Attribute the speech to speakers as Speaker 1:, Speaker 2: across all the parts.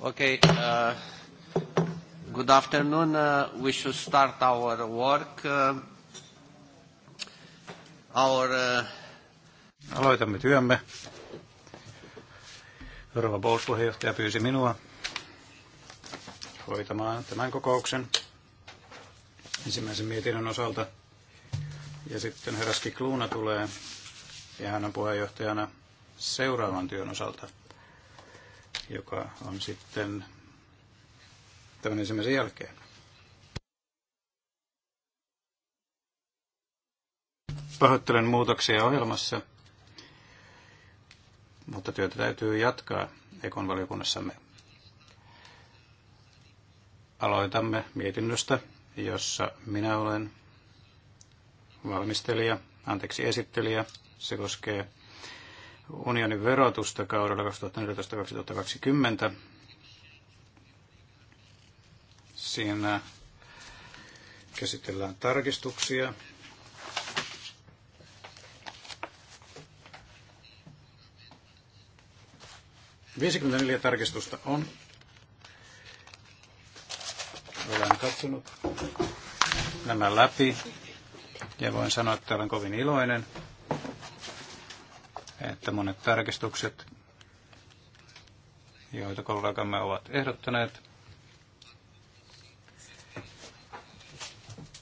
Speaker 1: Okay. Uh, good afternoon. Uh, we should start our work. Uh,
Speaker 2: our,
Speaker 3: Aloitamme työmme. Rova Bowles puheenjohtaja pyysi minua hoitamaan tämän kokouksen ensimmäisen mietinnön osalta. Ja sitten herraski Kluuna tulee ja hän on puheenjohtajana seuraavan työn osalta joka on sitten tämän ensimmäisen jälkeen. Pahoittelen muutoksia ohjelmassa, mutta työtä täytyy jatkaa Ekon valiokunnassamme. Aloitamme mietinnöstä, jossa minä olen valmistelija, anteeksi esittelijä. Se koskee unionin verotusta kaudella 2014-2020. Siinä käsitellään tarkistuksia. neljä tarkistusta on. Olen katsonut nämä läpi ja voin sanoa, että olen kovin iloinen että monet tarkistukset, joita kollegamme ovat ehdottaneet,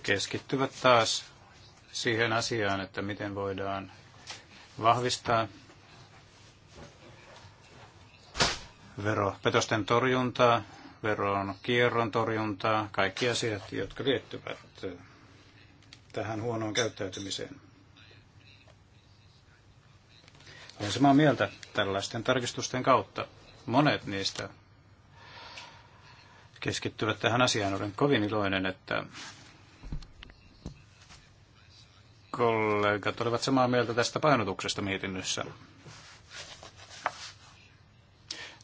Speaker 3: keskittyvät taas siihen asiaan, että miten voidaan vahvistaa veropetosten torjuntaa, veron kierron torjuntaa, kaikki asiat, jotka liittyvät tähän huonoon käyttäytymiseen. Olen samaa mieltä tällaisten tarkistusten kautta. Monet niistä keskittyvät tähän asiaan. Olen kovin iloinen, että kollegat olivat samaa mieltä tästä painotuksesta mietinnössä.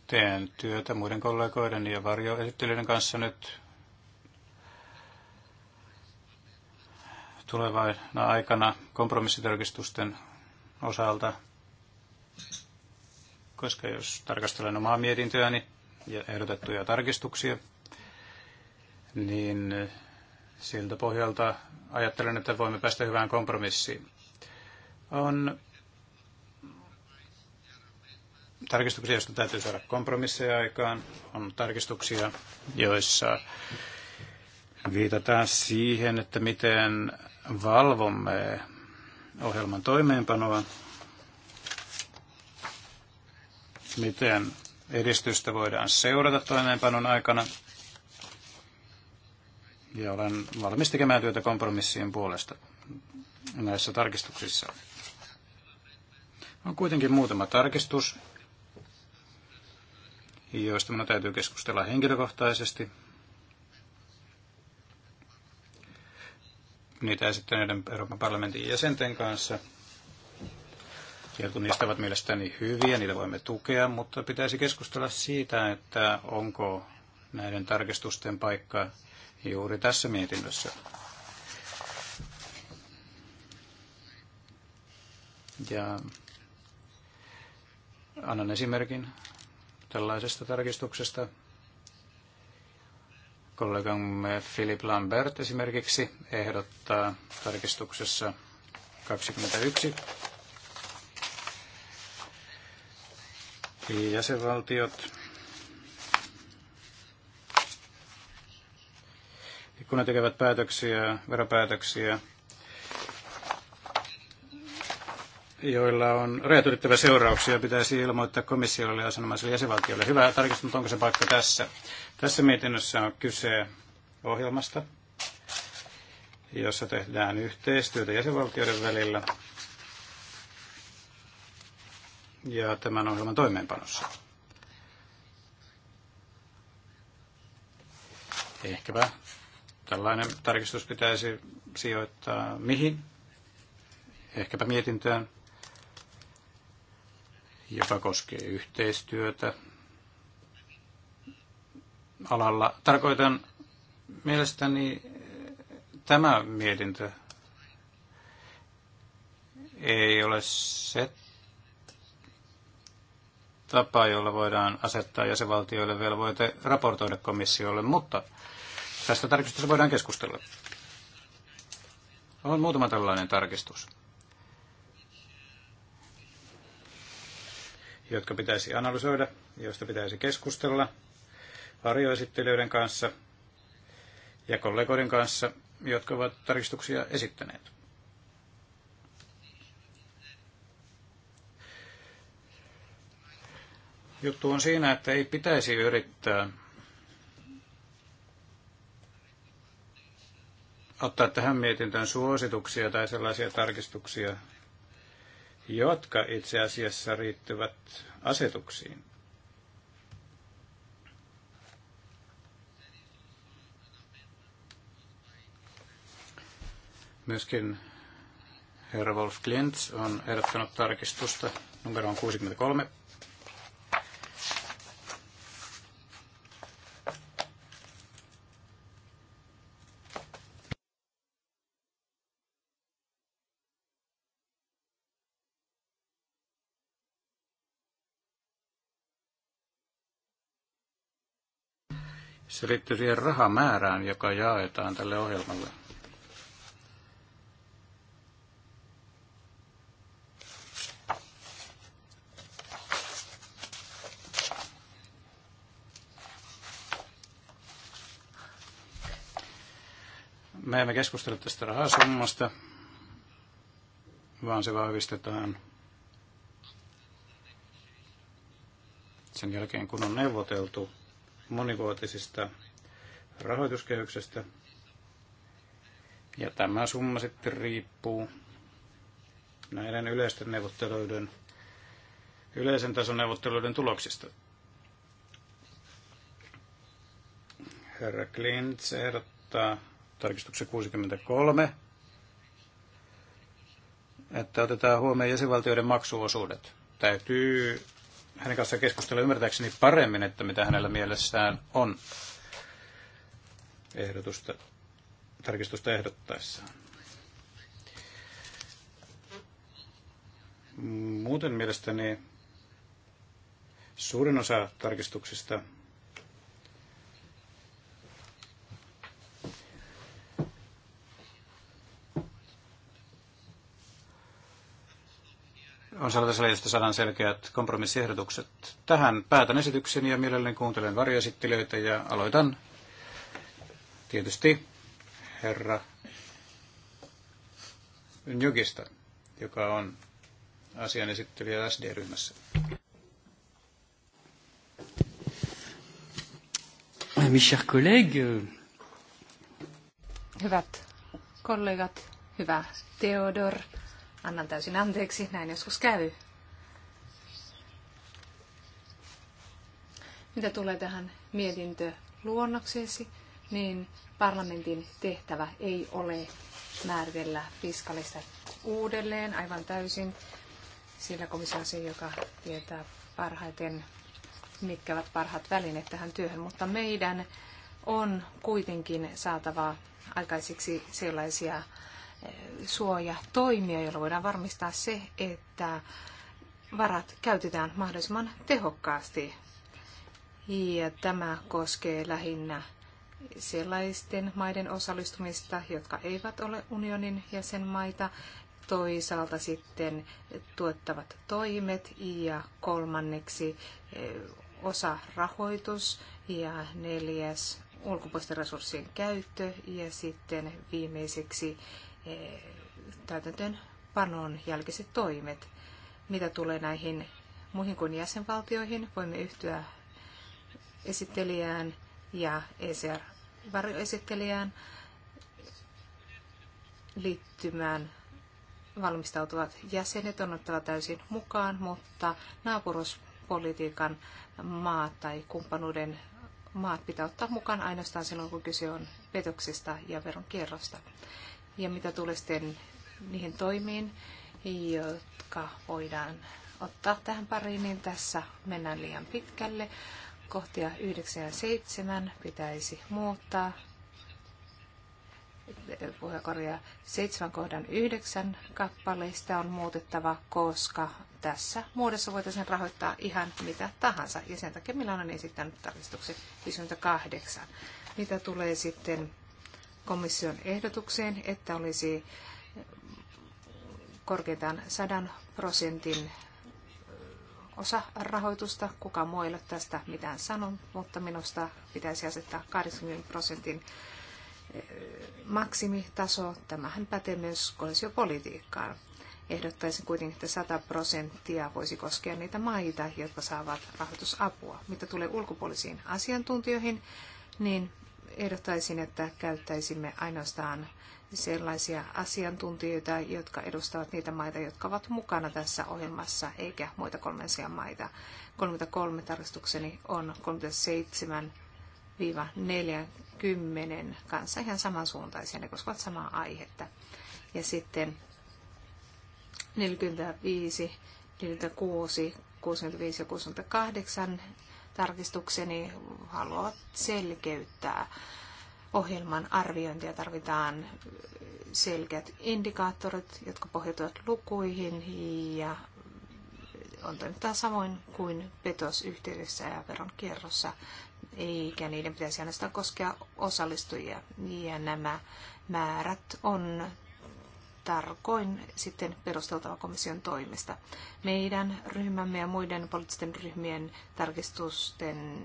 Speaker 3: Teen työtä muiden kollegoiden ja varjoesittelyiden kanssa nyt tulevana aikana kompromissitarkistusten osalta koska jos tarkastelen omaa mietintöäni ja ehdotettuja tarkistuksia, niin siltä pohjalta ajattelen, että voimme päästä hyvään kompromissiin. On tarkistuksia, joista täytyy saada kompromisseja aikaan. On tarkistuksia, joissa viitataan siihen, että miten valvomme ohjelman toimeenpanoa miten edistystä voidaan seurata toimeenpanon aikana. Ja olen valmis tekemään työtä kompromissien puolesta näissä tarkistuksissa. On kuitenkin muutama tarkistus, joista minun täytyy keskustella henkilökohtaisesti. Niitä esittäneiden Euroopan parlamentin jäsenten kanssa – Jotkut niistä ovat mielestäni hyviä, niitä voimme tukea, mutta pitäisi keskustella siitä, että onko näiden tarkistusten paikka juuri tässä mietinnössä. Ja annan esimerkin tällaisesta tarkistuksesta. Kollegamme Philip Lambert esimerkiksi ehdottaa tarkistuksessa 21 jäsenvaltiot, kun ne tekevät päätöksiä, veropäätöksiä, joilla on rajat ylittäviä seurauksia, pitäisi ilmoittaa komissiolle ja sanomaiselle jäsenvaltiolle. Hyvä tarkistus, mutta onko se paikka tässä? Tässä mietinnössä on kyse ohjelmasta, jossa tehdään yhteistyötä jäsenvaltioiden välillä ja tämän ohjelman toimeenpanossa. Ehkäpä tällainen tarkistus pitäisi sijoittaa mihin? Ehkäpä mietintöön, joka koskee yhteistyötä alalla. Tarkoitan mielestäni tämä mietintö ei ole se tapa, jolla voidaan asettaa jäsenvaltioille velvoite raportoida komissiolle, mutta tästä tarkistusta voidaan keskustella. On muutama tällainen tarkistus, jotka pitäisi analysoida, joista pitäisi keskustella varjoesittelijöiden kanssa ja kollegoiden kanssa, jotka ovat tarkistuksia esittäneet. Juttu on siinä, että ei pitäisi yrittää ottaa tähän mietintään suosituksia tai sellaisia tarkistuksia, jotka itse asiassa riittyvät asetuksiin. Myöskin herra Wolf Klintz on ehdottanut tarkistusta numeroon 63 Se liittyy siihen rahamäärään, joka jaetaan tälle ohjelmalle. me emme keskustele tästä rahasummasta, vaan se vahvistetaan sen jälkeen, kun on neuvoteltu monivuotisista rahoituskehyksestä. Ja tämä summa sitten riippuu näiden yleisten neuvotteluiden, yleisen tason neuvotteluiden tuloksista. Herra Klintz ehdottaa tarkistuksen 63, että otetaan huomioon jäsenvaltioiden maksuosuudet. Täytyy hänen kanssaan keskustella ymmärtääkseni paremmin, että mitä hänellä mielessään on ehdotusta, tarkistusta ehdottaessaan. Muuten mielestäni suurin osa tarkistuksista on sellainen asia, saadaan selkeät kompromissiehdotukset. Tähän päätän esityksen ja mielelläni kuuntelen varjoesittelijöitä ja aloitan tietysti herra Njogista, joka on asian esittelijä SD-ryhmässä.
Speaker 2: Mes chers collègues. Euh,
Speaker 4: Hyvät kollegat, hyvä Theodor Annan täysin anteeksi, näin joskus käy. Mitä tulee tähän mietintöluonnokseesi, niin parlamentin tehtävä ei ole määritellä fiskalista uudelleen aivan täysin, sillä komissio on se, joka tietää parhaiten, mitkä ovat parhaat välineet tähän työhön, mutta meidän on kuitenkin saatava aikaiseksi sellaisia suojatoimia, joilla voidaan varmistaa se, että varat käytetään mahdollisimman tehokkaasti. Ja tämä koskee lähinnä sellaisten maiden osallistumista, jotka eivät ole unionin jäsenmaita, toisaalta sitten tuottavat toimet ja kolmanneksi eh, osa rahoitus ja neljäs ulkopuolisten resurssien käyttö ja sitten viimeiseksi Eh, täytäntöön panon jälkeiset toimet. Mitä tulee näihin muihin kuin jäsenvaltioihin, voimme yhtyä esittelijään ja ECR-varjoesittelijään liittymään valmistautuvat jäsenet on ottava täysin mukaan, mutta naapuruspolitiikan maat tai kumppanuuden maat pitää ottaa mukaan ainoastaan silloin, kun kyse on petoksista ja veronkierrosta. Ja mitä tulee sitten niihin toimiin, jotka voidaan ottaa tähän pariin, niin tässä mennään liian pitkälle. Kohtia 9 ja 7 pitäisi muuttaa. Puheenkorja 7 kohdan 9 kappaleista on muutettava, koska tässä muodossa voitaisiin rahoittaa ihan mitä tahansa. Ja sen takia minä olen esittänyt tarkistuksen 58. Mitä tulee sitten komission ehdotukseen, että olisi korkeintaan 100 prosentin osa rahoitusta. Kuka muu ei ole tästä mitään sanon, mutta minusta pitäisi asettaa 80 prosentin eh, maksimitaso. Tämähän pätee myös koesiopolitiikkaan. Ehdottaisin kuitenkin, että 100 prosenttia voisi koskea niitä maita, jotka saavat rahoitusapua. Mitä tulee ulkopuolisiin asiantuntijoihin, niin ehdottaisin, että käyttäisimme ainoastaan sellaisia asiantuntijoita, jotka edustavat niitä maita, jotka ovat mukana tässä ohjelmassa, eikä muita kolmansia maita. 33 tarkastukseni on 37-40 kanssa ihan samansuuntaisia, ne koskevat samaa aihetta. Ja sitten 45, 46, 65 ja 68 tarkistukseni haluavat selkeyttää. Ohjelman arviointia tarvitaan selkeät indikaattorit, jotka pohjautuvat lukuihin ja on toimittaa samoin kuin petosyhteydessä ja veronkierrossa, eikä niiden pitäisi ainoastaan koskea osallistujia. Ja nämä määrät on tarkoin sitten perusteltava komission toimesta. Meidän ryhmämme ja muiden poliittisten ryhmien tarkistusten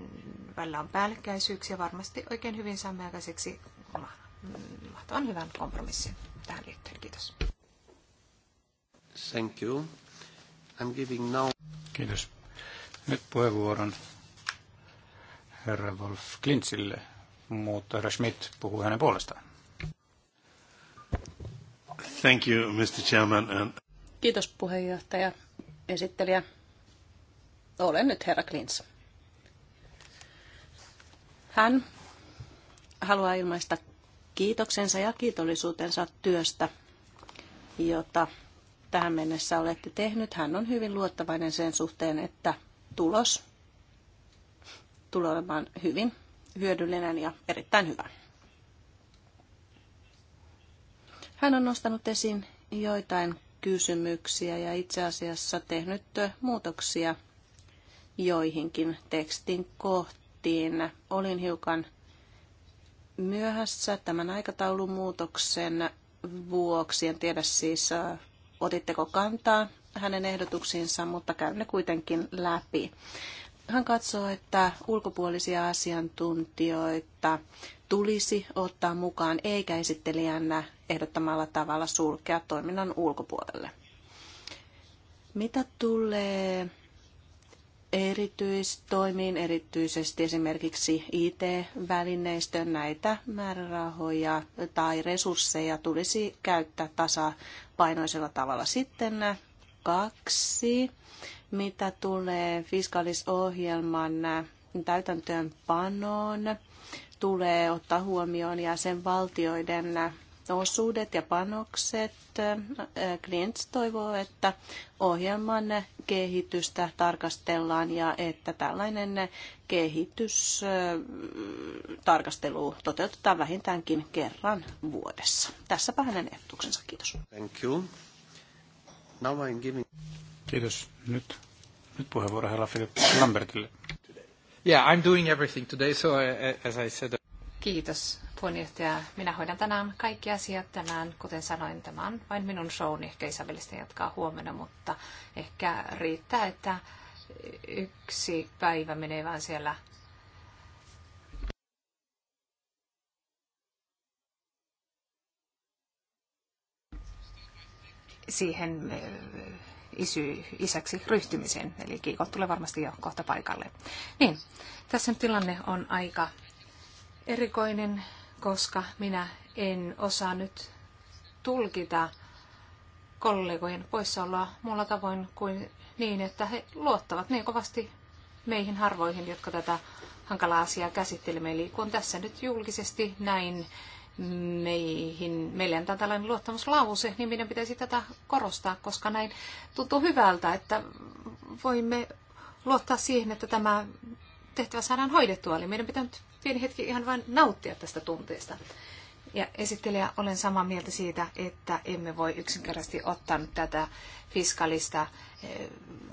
Speaker 4: välillä on päällekkäisyyksiä. Varmasti oikein hyvin saamme aikaiseksi mahtavan hyvän kompromissin tähän liittyen. Kiitos.
Speaker 3: Thank you. I'm giving now... Kiitos. Nyt puheenvuoron herra Wolf Klintsille, mutta herra Schmidt puhuu hänen puolestaan. Thank you, Mr. Chairman. And...
Speaker 5: Kiitos puheenjohtaja, esittelijä. Olen nyt herra Klins. Hän haluaa ilmaista kiitoksensa ja kiitollisuutensa työstä, jota tähän mennessä olette tehnyt. Hän on hyvin luottavainen sen suhteen, että tulos tulee olemaan hyvin hyödyllinen ja erittäin hyvä. Hän on nostanut esiin joitain kysymyksiä ja itse asiassa tehnyt muutoksia joihinkin tekstin kohtiin. Olin hiukan myöhässä tämän aikataulun muutoksen vuoksi. En tiedä siis, äh, otitteko kantaa hänen ehdotuksiinsa, mutta käyn ne kuitenkin läpi. Hän katsoo, että ulkopuolisia asiantuntijoita tulisi ottaa mukaan eikä esittelijänä ehdottamalla tavalla sulkea toiminnan ulkopuolelle. Mitä tulee erityistoimiin, erityisesti esimerkiksi IT-välineistön näitä määrärahoja tai resursseja tulisi käyttää tasapainoisella tavalla. Sitten kaksi, mitä tulee fiskalisohjelman täytäntöönpanoon tulee ottaa huomioon jäsenvaltioiden osuudet ja panokset. Klients toivoo, että ohjelman kehitystä tarkastellaan ja että tällainen kehitystarkastelu toteutetaan vähintäänkin kerran vuodessa. Tässäpä hänen ehdotuksensa. Kiitos.
Speaker 3: Thank you. Now I'm giving... Kiitos. Nyt, nyt puheenvuoro herra Philip Lambertille. Yeah, I'm doing everything today, so I, uh, uh, as I said... Uh, Kiitos puheenjohtaja.
Speaker 4: Minä hoidan tänään kaikki asiat tänään. Kuten sanoin, tämä on vain minun showni. Ehkä Isabelista jatkaa huomenna, mutta ehkä riittää, että yksi päivä menee vaan siellä siihen isy, isäksi ryhtymiseen Eli Kiiko tulee varmasti jo kohta paikalle. Niin, tässä nyt tilanne on aika erikoinen, koska minä en osaa nyt tulkita kollegojen poissaoloa muulla tavoin kuin niin, että he luottavat niin kovasti meihin harvoihin, jotka tätä hankalaa asiaa käsittelemme. Eli kun tässä nyt julkisesti näin meihin, meille antaa tällainen luottamuslause, niin meidän pitäisi tätä korostaa, koska näin tuntuu hyvältä, että voimme luottaa siihen, että tämä tehtävä saadaan hoidettua. Eli meidän pitää nyt pieni hetki ihan vain nauttia tästä tunteesta. Ja esittelijä, olen samaa mieltä siitä, että emme voi yksinkertaisesti ottaa nyt tätä fiskalista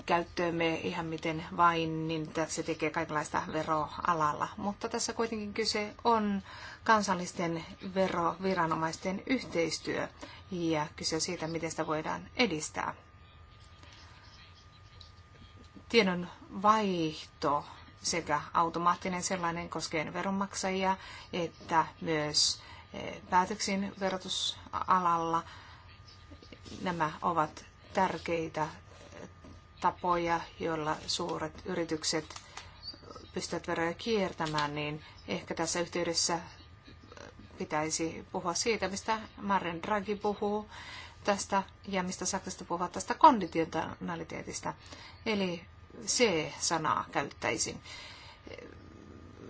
Speaker 4: käyttöömme ihan miten vain, niin se tekee kaikenlaista veroalalla. Mutta tässä kuitenkin kyse on kansallisten veroviranomaisten yhteistyö ja kyse siitä, miten sitä voidaan edistää. Tiedon vaihto sekä automaattinen sellainen koskeen veronmaksajia että myös eh, päätöksiin verotusalalla. Nämä ovat tärkeitä tapoja, joilla suuret yritykset pystyvät veroja kiertämään, niin ehkä tässä yhteydessä pitäisi puhua siitä, mistä Marin Draghi puhuu tästä ja mistä Saksasta puhuu tästä konditionaliteetista. Eli se sanaa käyttäisin.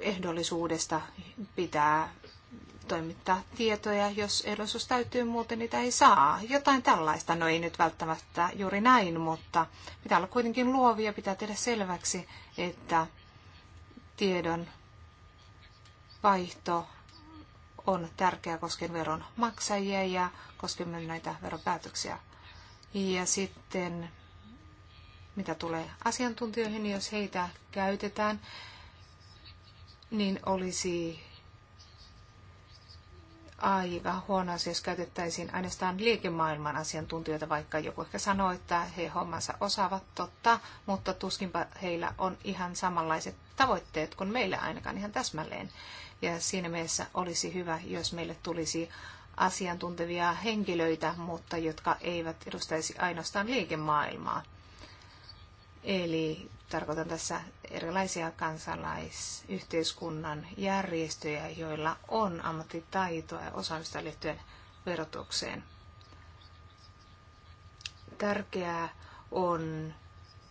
Speaker 4: Ehdollisuudesta pitää toimittaa tietoja, jos edullisuus täytyy, muuten niitä ei saa. Jotain tällaista, no ei nyt välttämättä juuri näin, mutta pitää olla kuitenkin luovia, pitää tehdä selväksi, että tiedon vaihto on tärkeä koskien veron maksajia ja koskien näitä veropäätöksiä. Ja sitten mitä tulee asiantuntijoihin, niin jos heitä käytetään, niin olisi aika huono asia, jos käytettäisiin ainoastaan liikemaailman asiantuntijoita, vaikka joku ehkä sanoo, että he hommansa osaavat totta, mutta tuskinpa heillä on ihan samanlaiset tavoitteet kuin meillä ainakaan ihan täsmälleen. Ja siinä mielessä olisi hyvä, jos meille tulisi asiantuntevia henkilöitä, mutta jotka eivät edustaisi ainoastaan liikemaailmaa. Eli Tarkoitan tässä erilaisia kansalaisyhteiskunnan järjestöjä, joilla on ammattitaitoa ja osaamista liittyen verotukseen. Tärkeää on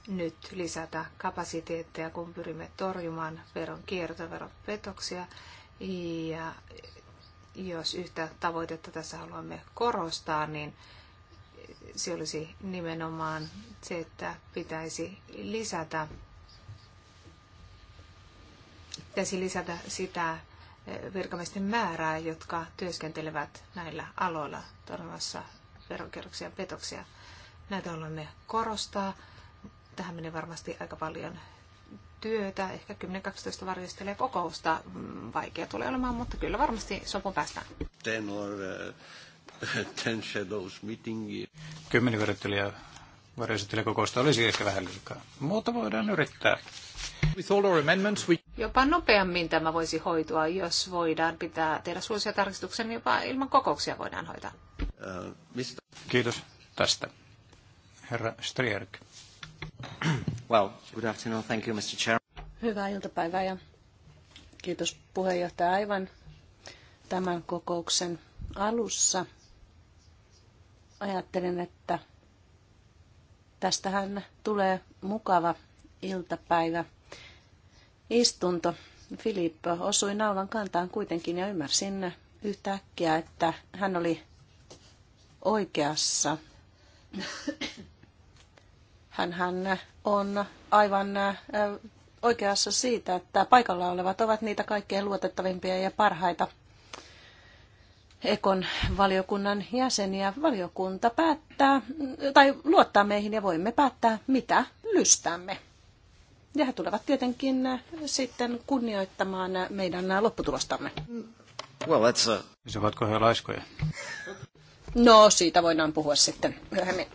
Speaker 4: nyt lisätä kapasiteetteja, kun pyrimme torjumaan veron kiertoveropetoksia. Ja jos yhtä tavoitetta tässä haluamme korostaa, niin se olisi nimenomaan se, että pitäisi lisätä, pitäisi lisätä sitä eh, virkamiesten määrää, jotka työskentelevät näillä aloilla torjumassa veronkierroksia ja petoksia. Näitä haluamme korostaa. Tähän menee varmasti aika paljon työtä, ehkä 10-12 varjostelee kokousta. Mm, vaikea tulee olemaan, mutta kyllä varmasti sopun päästään.
Speaker 3: Tenor, eh, Ten Shadows meeting. Kymmenen yrittelijä varjoesittelijäkokousta olisi ehkä vähän liikaa. Muuta voidaan yrittää. With all our amendments, we...
Speaker 4: Jopa nopeammin tämä voisi hoitua, jos voidaan pitää tehdä suosia tarkistuksen, niin jopa ilman kokouksia voidaan hoitaa.
Speaker 3: Uh, mistä? Kiitos tästä. Herra Strierk. Well, good afternoon. Thank you, Mr. Chair.
Speaker 5: Hyvää iltapäivää ja kiitos puheenjohtaja aivan tämän kokouksen alussa Ajattelin, että tästähän tulee mukava iltapäivä istunto. Filippo osui naulan kantaan kuitenkin ja ymmärsin yhtäkkiä, että hän oli oikeassa. hän on aivan oikeassa siitä, että paikalla olevat ovat niitä kaikkein luotettavimpia ja parhaita Ekon valiokunnan jäseniä. Valiokunta päättää, tai luottaa meihin ja voimme päättää, mitä lystämme. Ja he tulevat tietenkin sitten kunnioittamaan meidän lopputulostamme.
Speaker 3: Well, that's a... Se ovatko he laiskoja?
Speaker 5: No, siitä voidaan puhua sitten myöhemmin.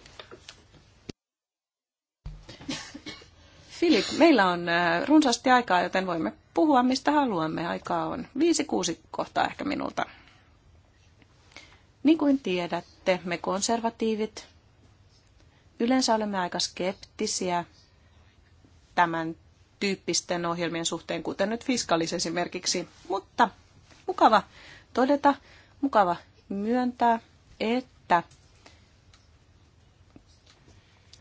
Speaker 5: Filip, meillä on äh, runsaasti aikaa, joten voimme puhua mistä haluamme. Aikaa on viisi, kuusi kohtaa ehkä minulta. Niin kuin tiedätte, me konservatiivit yleensä olemme aika skeptisiä tämän tyyppisten ohjelmien suhteen, kuten nyt Fiskalis esimerkiksi. Mutta mukava todeta, mukava myöntää, että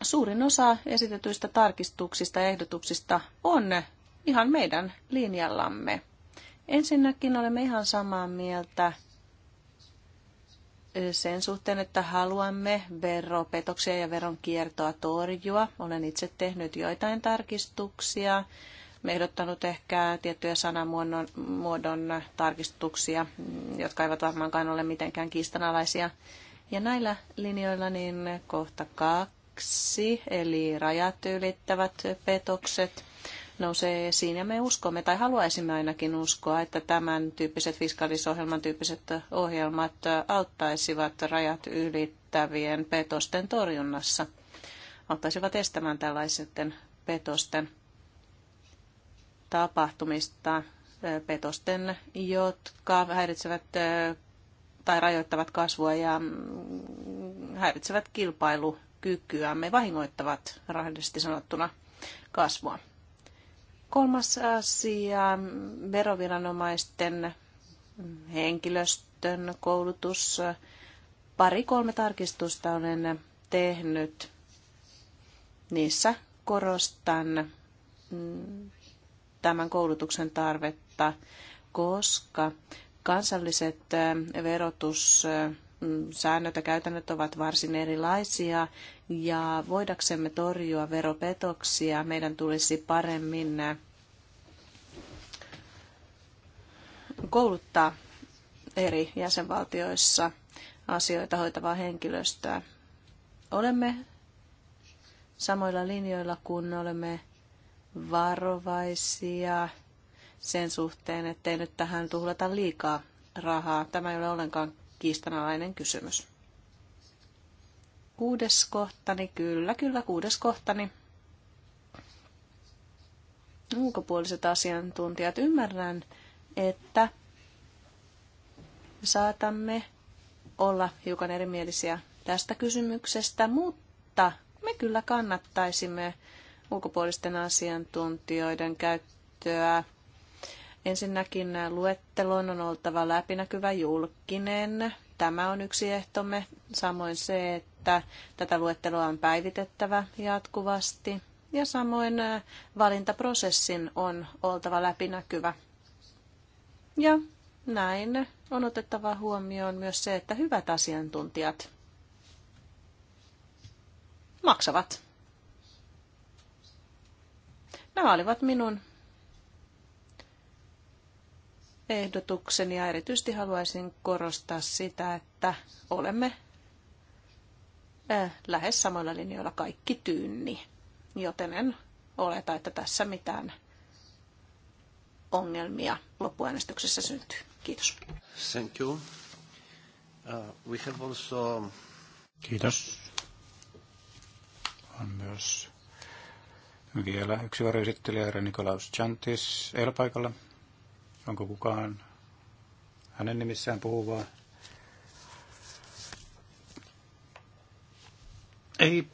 Speaker 5: suurin osa esitetyistä tarkistuksista ja ehdotuksista on ihan meidän linjallamme. Ensinnäkin olemme ihan samaa mieltä sen suhteen, että haluamme veropetoksia ja veronkiertoa torjua. Olen itse tehnyt joitain tarkistuksia, ehdottanut ehkä tiettyjä sanamuodon tarkistuksia, jotka eivät varmaankaan ole mitenkään kiistanalaisia. Ja näillä linjoilla niin kohta kaksi, eli rajat ylittävät petokset nousee esiin. Ja me uskomme, tai haluaisimme ainakin uskoa, että tämän tyyppiset fiskalisohjelman tyyppiset ohjelmat auttaisivat rajat ylittävien petosten torjunnassa. Auttaisivat estämään tällaisten petosten tapahtumista, petosten, jotka häiritsevät tai rajoittavat kasvua ja häiritsevät kilpailukykyämme, vahingoittavat rahdellisesti sanottuna kasvua. Kolmas asia, veroviranomaisten henkilöstön koulutus. Pari-kolme tarkistusta olen tehnyt. Niissä korostan mm, tämän koulutuksen tarvetta, koska kansalliset verotus Mm, säännöt ja käytännöt ovat varsin erilaisia ja voidaksemme torjua veropetoksia, meidän tulisi paremmin äh, kouluttaa eri jäsenvaltioissa asioita hoitavaa henkilöstöä. Olemme samoilla linjoilla, kun olemme varovaisia sen suhteen, ettei nyt tähän tuhlata liikaa rahaa. Tämä ei ole ollenkaan kiistanalainen kysymys. Kuudes kohtani, kyllä, kyllä, kuudes kohtani. Ulkopuoliset asiantuntijat, ymmärrän, että saatamme olla hiukan erimielisiä tästä kysymyksestä, mutta me kyllä kannattaisimme ulkopuolisten asiantuntijoiden käyttöä Ensinnäkin luettelon on oltava läpinäkyvä julkinen. Tämä on yksi ehtomme. Samoin se, että tätä luetteloa on päivitettävä jatkuvasti. Ja samoin valintaprosessin on oltava läpinäkyvä. Ja näin on otettava huomioon myös se, että hyvät asiantuntijat maksavat. Nämä olivat minun ehdotuksen ja erityisesti haluaisin korostaa sitä, että olemme eh, lähes samoilla linjoilla kaikki tyynni, joten en oleta, että tässä mitään ongelmia loppuäänestyksessä syntyy. Kiitos. Thank you. Uh,
Speaker 1: we have also...
Speaker 3: Kiitos. On myös vielä yksi varjoesittelijä, Nikolaus Chantis, ei ole paikalla. Onko kukaan hänen nimissään puhuvaa? Ei.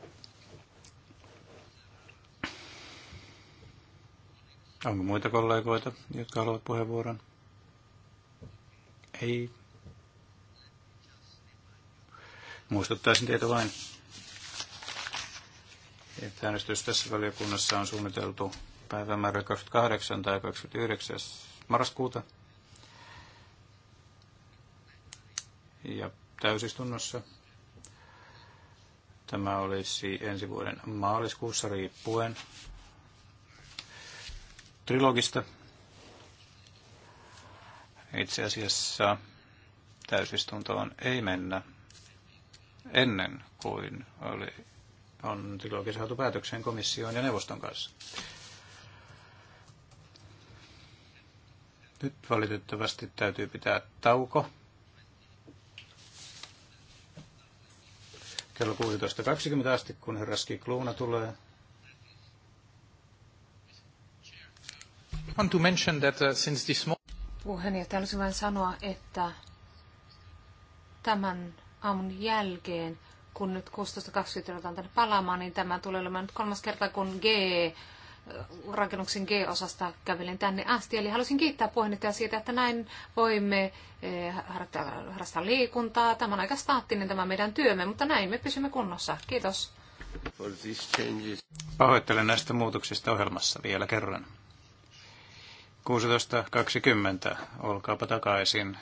Speaker 3: Onko muita kollegoita, jotka haluavat puheenvuoron? Ei. Muistuttaisin teitä vain, että äänestys tässä valiokunnassa on suunniteltu päivämäärä 28 tai 29 marraskuuta. Ja täysistunnossa tämä olisi ensi vuoden maaliskuussa riippuen trilogista. Itse asiassa täysistuntoon ei mennä ennen kuin oli, on trilogi saatu päätökseen komission ja neuvoston kanssa. Nyt valitettavasti täytyy pitää tauko. Kello 16.20 asti, kun herra Kluuna tulee. want to mention that uh, since this
Speaker 4: Puheenjohtaja haluaisin vain sanoa, että tämän aamun jälkeen, kun nyt 16.20 tänne palaamaan, niin tämä tulee olemaan nyt kolmas kerta, kun G rakennuksen G-osasta kävelen tänne asti. Eli haluaisin kiittää puheenjohtaja siitä, että näin voimme eh, harrastaa liikuntaa. Tämä on aika staattinen tämä meidän työmme, mutta näin me pysymme kunnossa. Kiitos.
Speaker 3: Pahoittelen näistä muutoksista ohjelmassa vielä kerran. 16.20. Olkaapa takaisin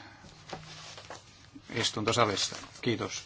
Speaker 3: istuntosalissa. Kiitos.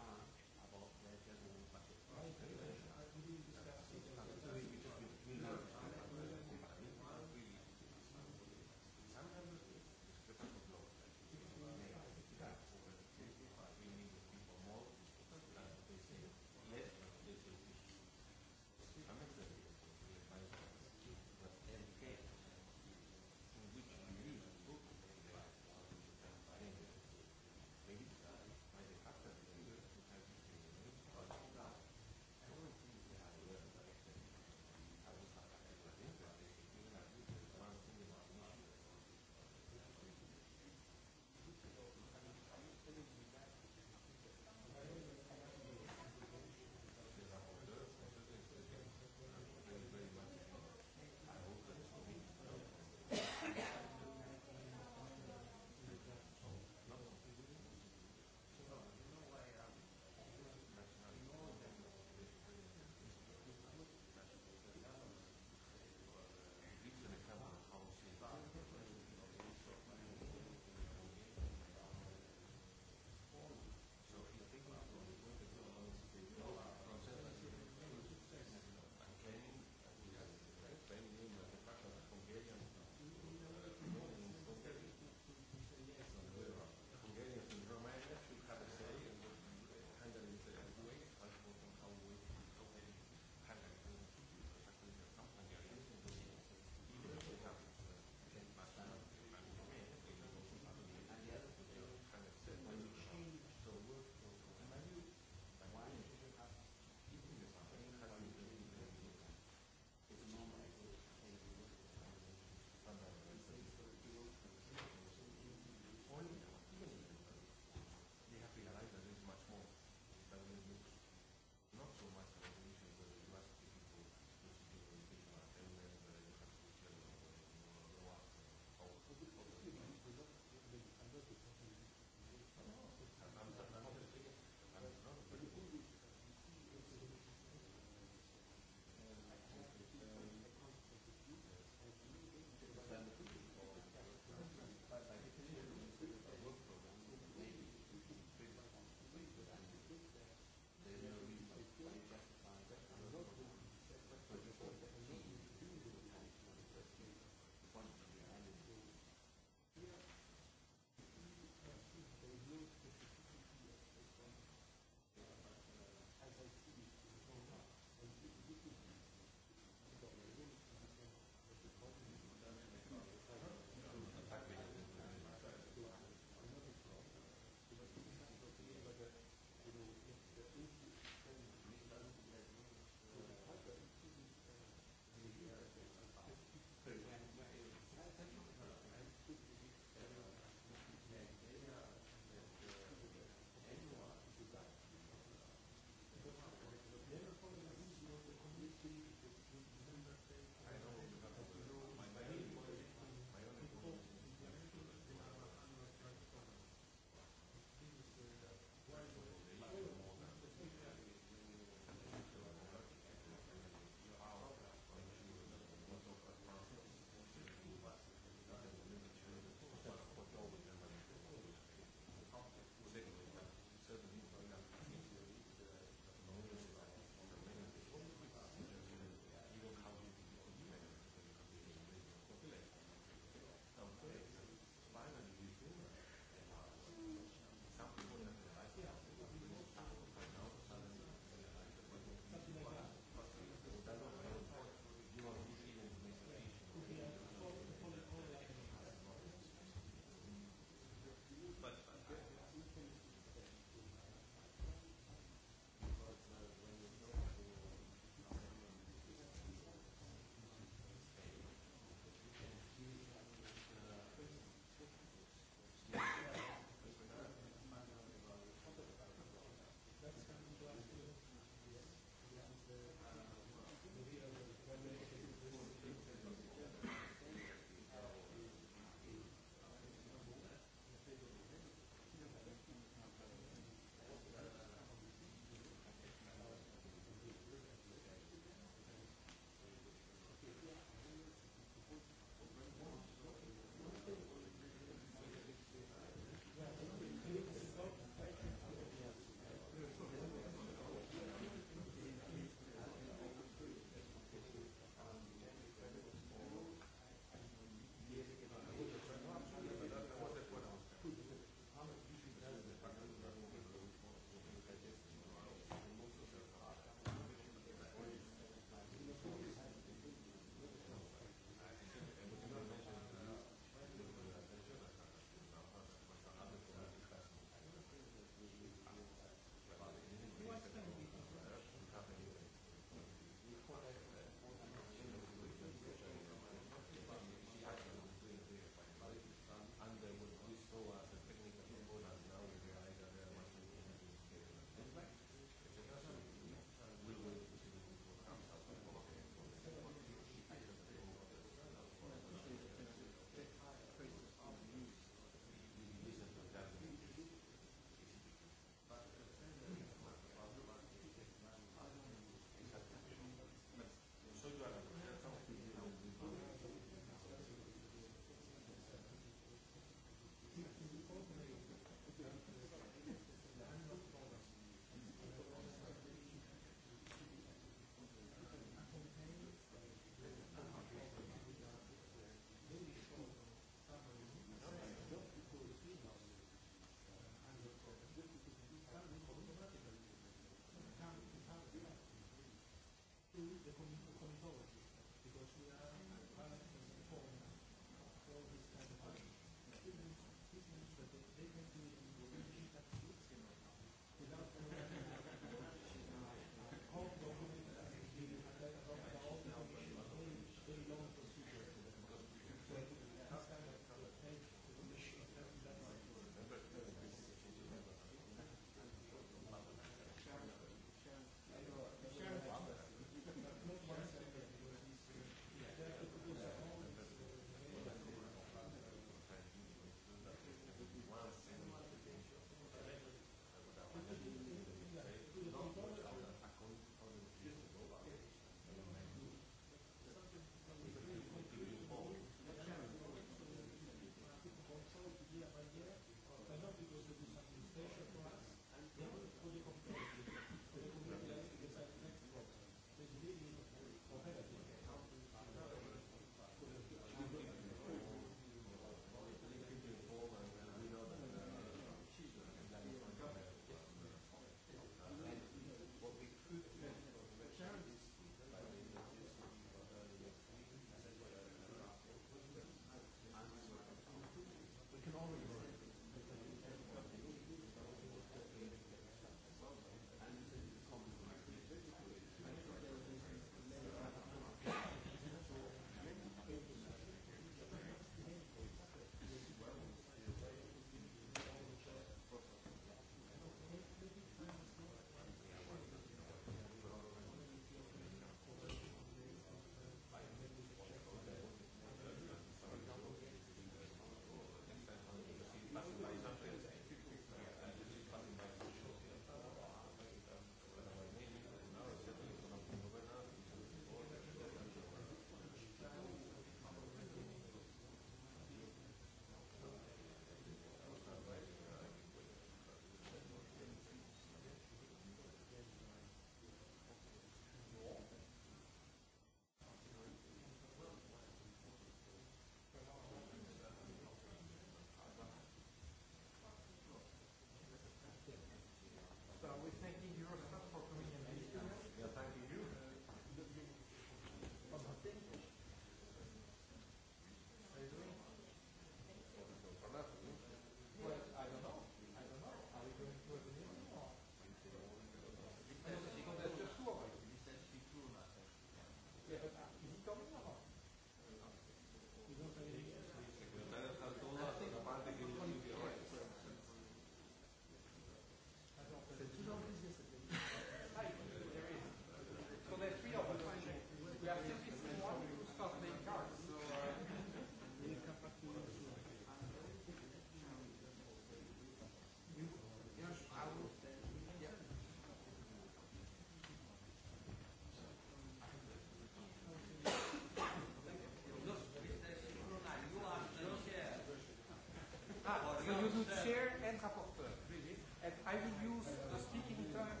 Speaker 1: So you do chair and rapporteur. Really? And I will use the speaking time.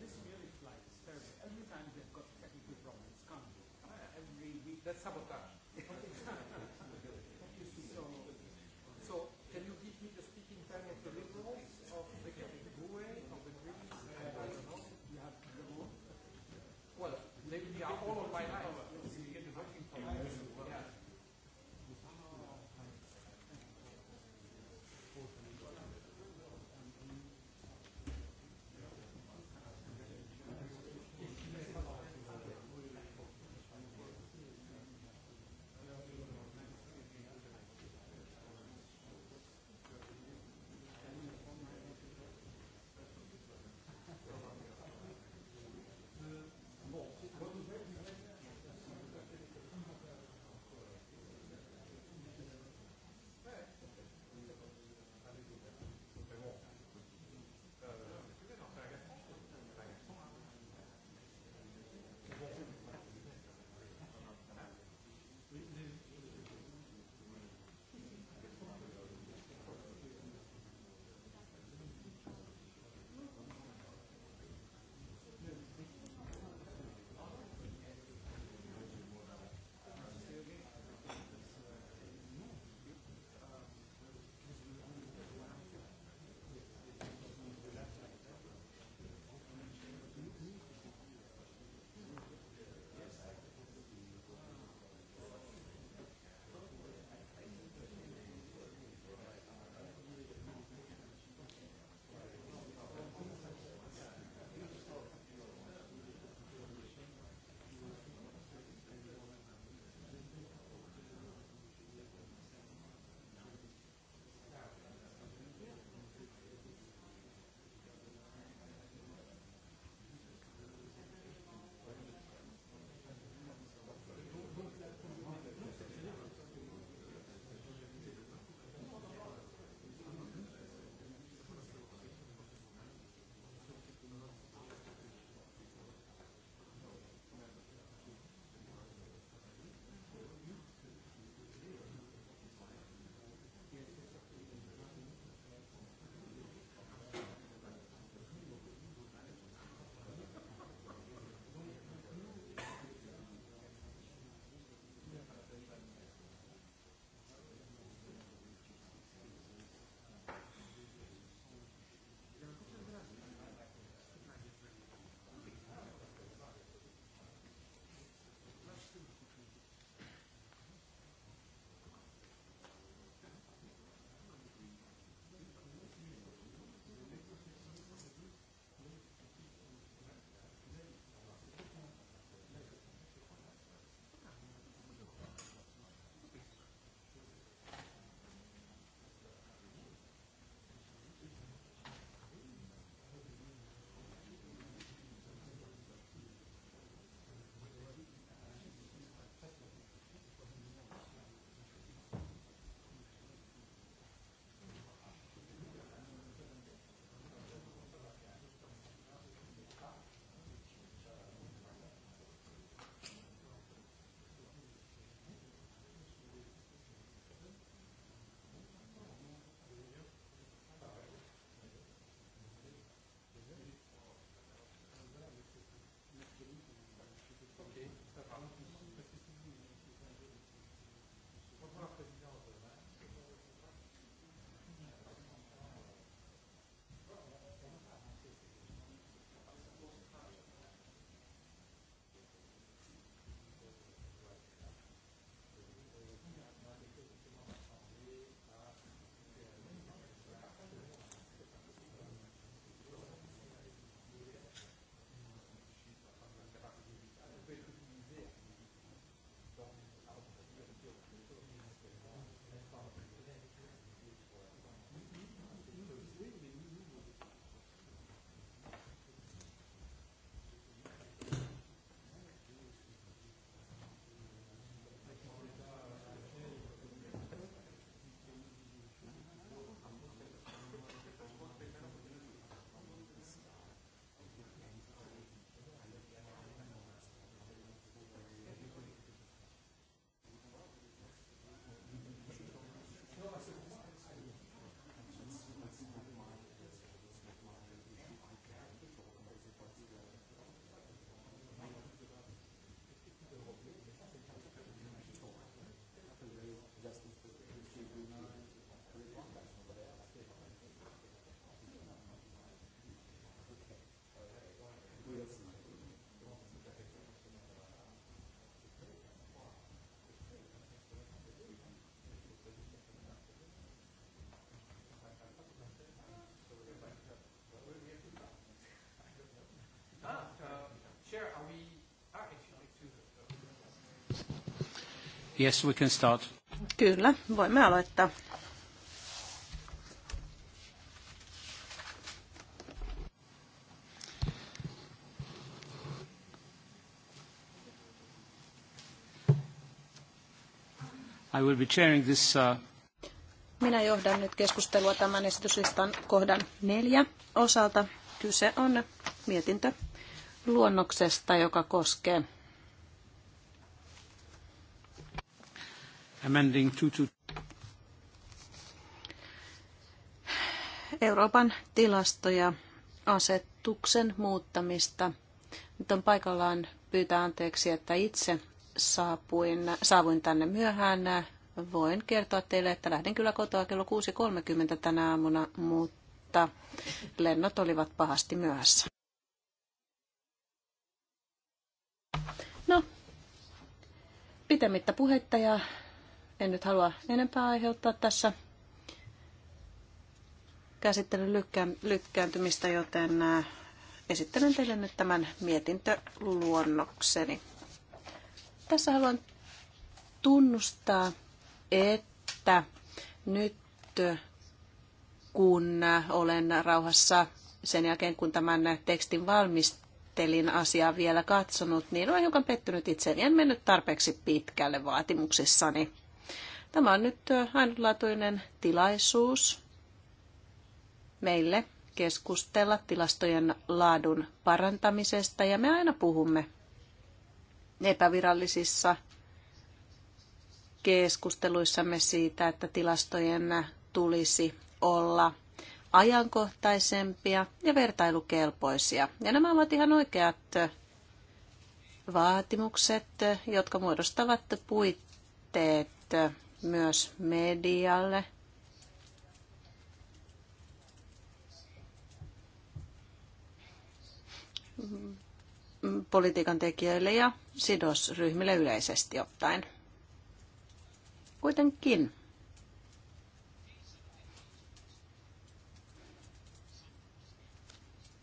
Speaker 1: This really flies terrible. Every time they've got technical problems, can't Every week. That's sabotage.
Speaker 3: Yes, we can start.
Speaker 5: Kyllä, voimme aloittaa.
Speaker 3: I will be chairing this, uh...
Speaker 5: Minä johdan nyt keskustelua tämän esityslistan kohdan neljä osalta. Kyse on mietintö luonnoksesta, joka koskee
Speaker 3: amending 22.
Speaker 5: Euroopan tilastoja asetuksen muuttamista. Nyt on paikallaan pyytää anteeksi, että itse saapuin, saavuin tänne myöhään. Voin kertoa teille, että lähdin kyllä kotoa kello 6.30 tänä aamuna, mutta lennot olivat pahasti myöhässä. No, pitemmittä puhetta ja en nyt halua enempää aiheuttaa tässä käsittelyn lykkään, lykkääntymistä, joten esittelen teille nyt tämän mietintöluonnokseni. Tässä haluan tunnustaa, että nyt kun olen rauhassa sen jälkeen, kun tämän tekstin valmistelin asiaa vielä katsonut, niin olen hiukan pettynyt itseäni. En mennyt tarpeeksi pitkälle vaatimuksissani. Tämä on nyt ainutlaatuinen tilaisuus meille keskustella tilastojen laadun parantamisesta ja me aina puhumme epävirallisissa keskusteluissamme siitä, että tilastojen tulisi olla ajankohtaisempia ja vertailukelpoisia. Ja nämä ovat ihan oikeat vaatimukset, jotka muodostavat puitteet myös medialle. politiikan tekijöille ja sidosryhmille yleisesti ottaen. Kuitenkin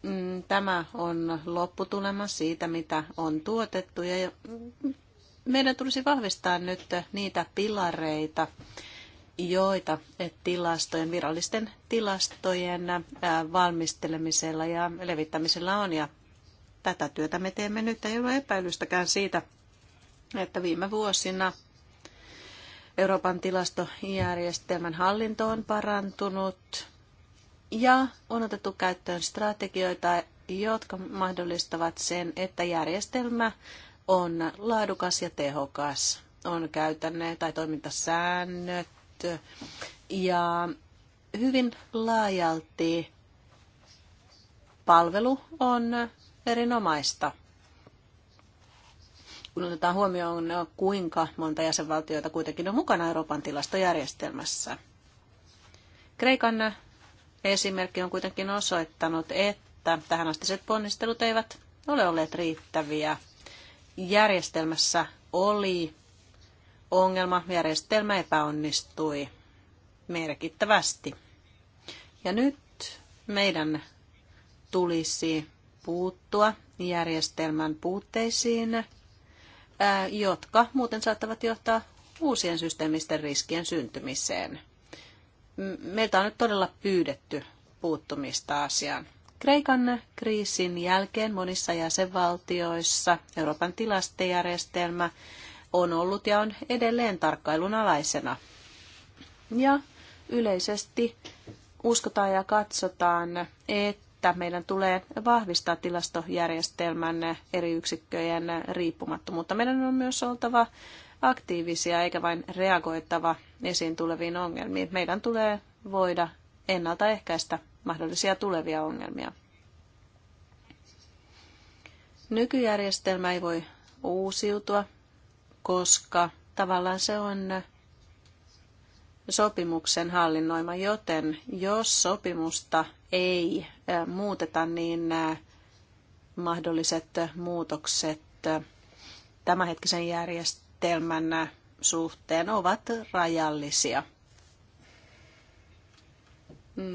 Speaker 5: mm, tämä on lopputulema siitä, mitä on tuotettu ja meidän tulisi vahvistaa nyt niitä pilareita, joita tilastojen, virallisten tilastojen valmistelemisella ja levittämisellä on. Ja tätä työtä me teemme nyt. Ei ole epäilystäkään siitä, että viime vuosina Euroopan tilastojärjestelmän hallinto on parantunut ja on otettu käyttöön strategioita, jotka mahdollistavat sen, että järjestelmä on laadukas ja tehokas. On käytänne tai toimintasäännöt ja hyvin laajalti palvelu on erinomaista. Kun otetaan huomioon, kuinka monta jäsenvaltioita kuitenkin on mukana Euroopan tilastojärjestelmässä. Kreikan esimerkki on kuitenkin osoittanut, että tähänastiset ponnistelut eivät ole olleet riittäviä järjestelmässä oli ongelma. Järjestelmä epäonnistui merkittävästi. Ja nyt meidän tulisi puuttua järjestelmän puutteisiin, jotka muuten saattavat johtaa uusien systeemisten riskien syntymiseen. Meiltä on nyt todella pyydetty puuttumista asiaan. Kreikan kriisin jälkeen monissa jäsenvaltioissa Euroopan tilastejärjestelmä on ollut ja on edelleen tarkkailun alaisena. Ja yleisesti uskotaan ja katsotaan, että meidän tulee vahvistaa tilastojärjestelmän eri yksikköjen riippumattomuutta. Meidän on myös oltava aktiivisia eikä vain reagoitava esiin tuleviin ongelmiin. Meidän tulee voida ennaltaehkäistä mahdollisia tulevia ongelmia. Nykyjärjestelmä ei voi uusiutua, koska tavallaan se on sopimuksen hallinnoima, joten jos sopimusta ei muuteta, niin nämä mahdolliset muutokset tämänhetkisen järjestelmän suhteen ovat rajallisia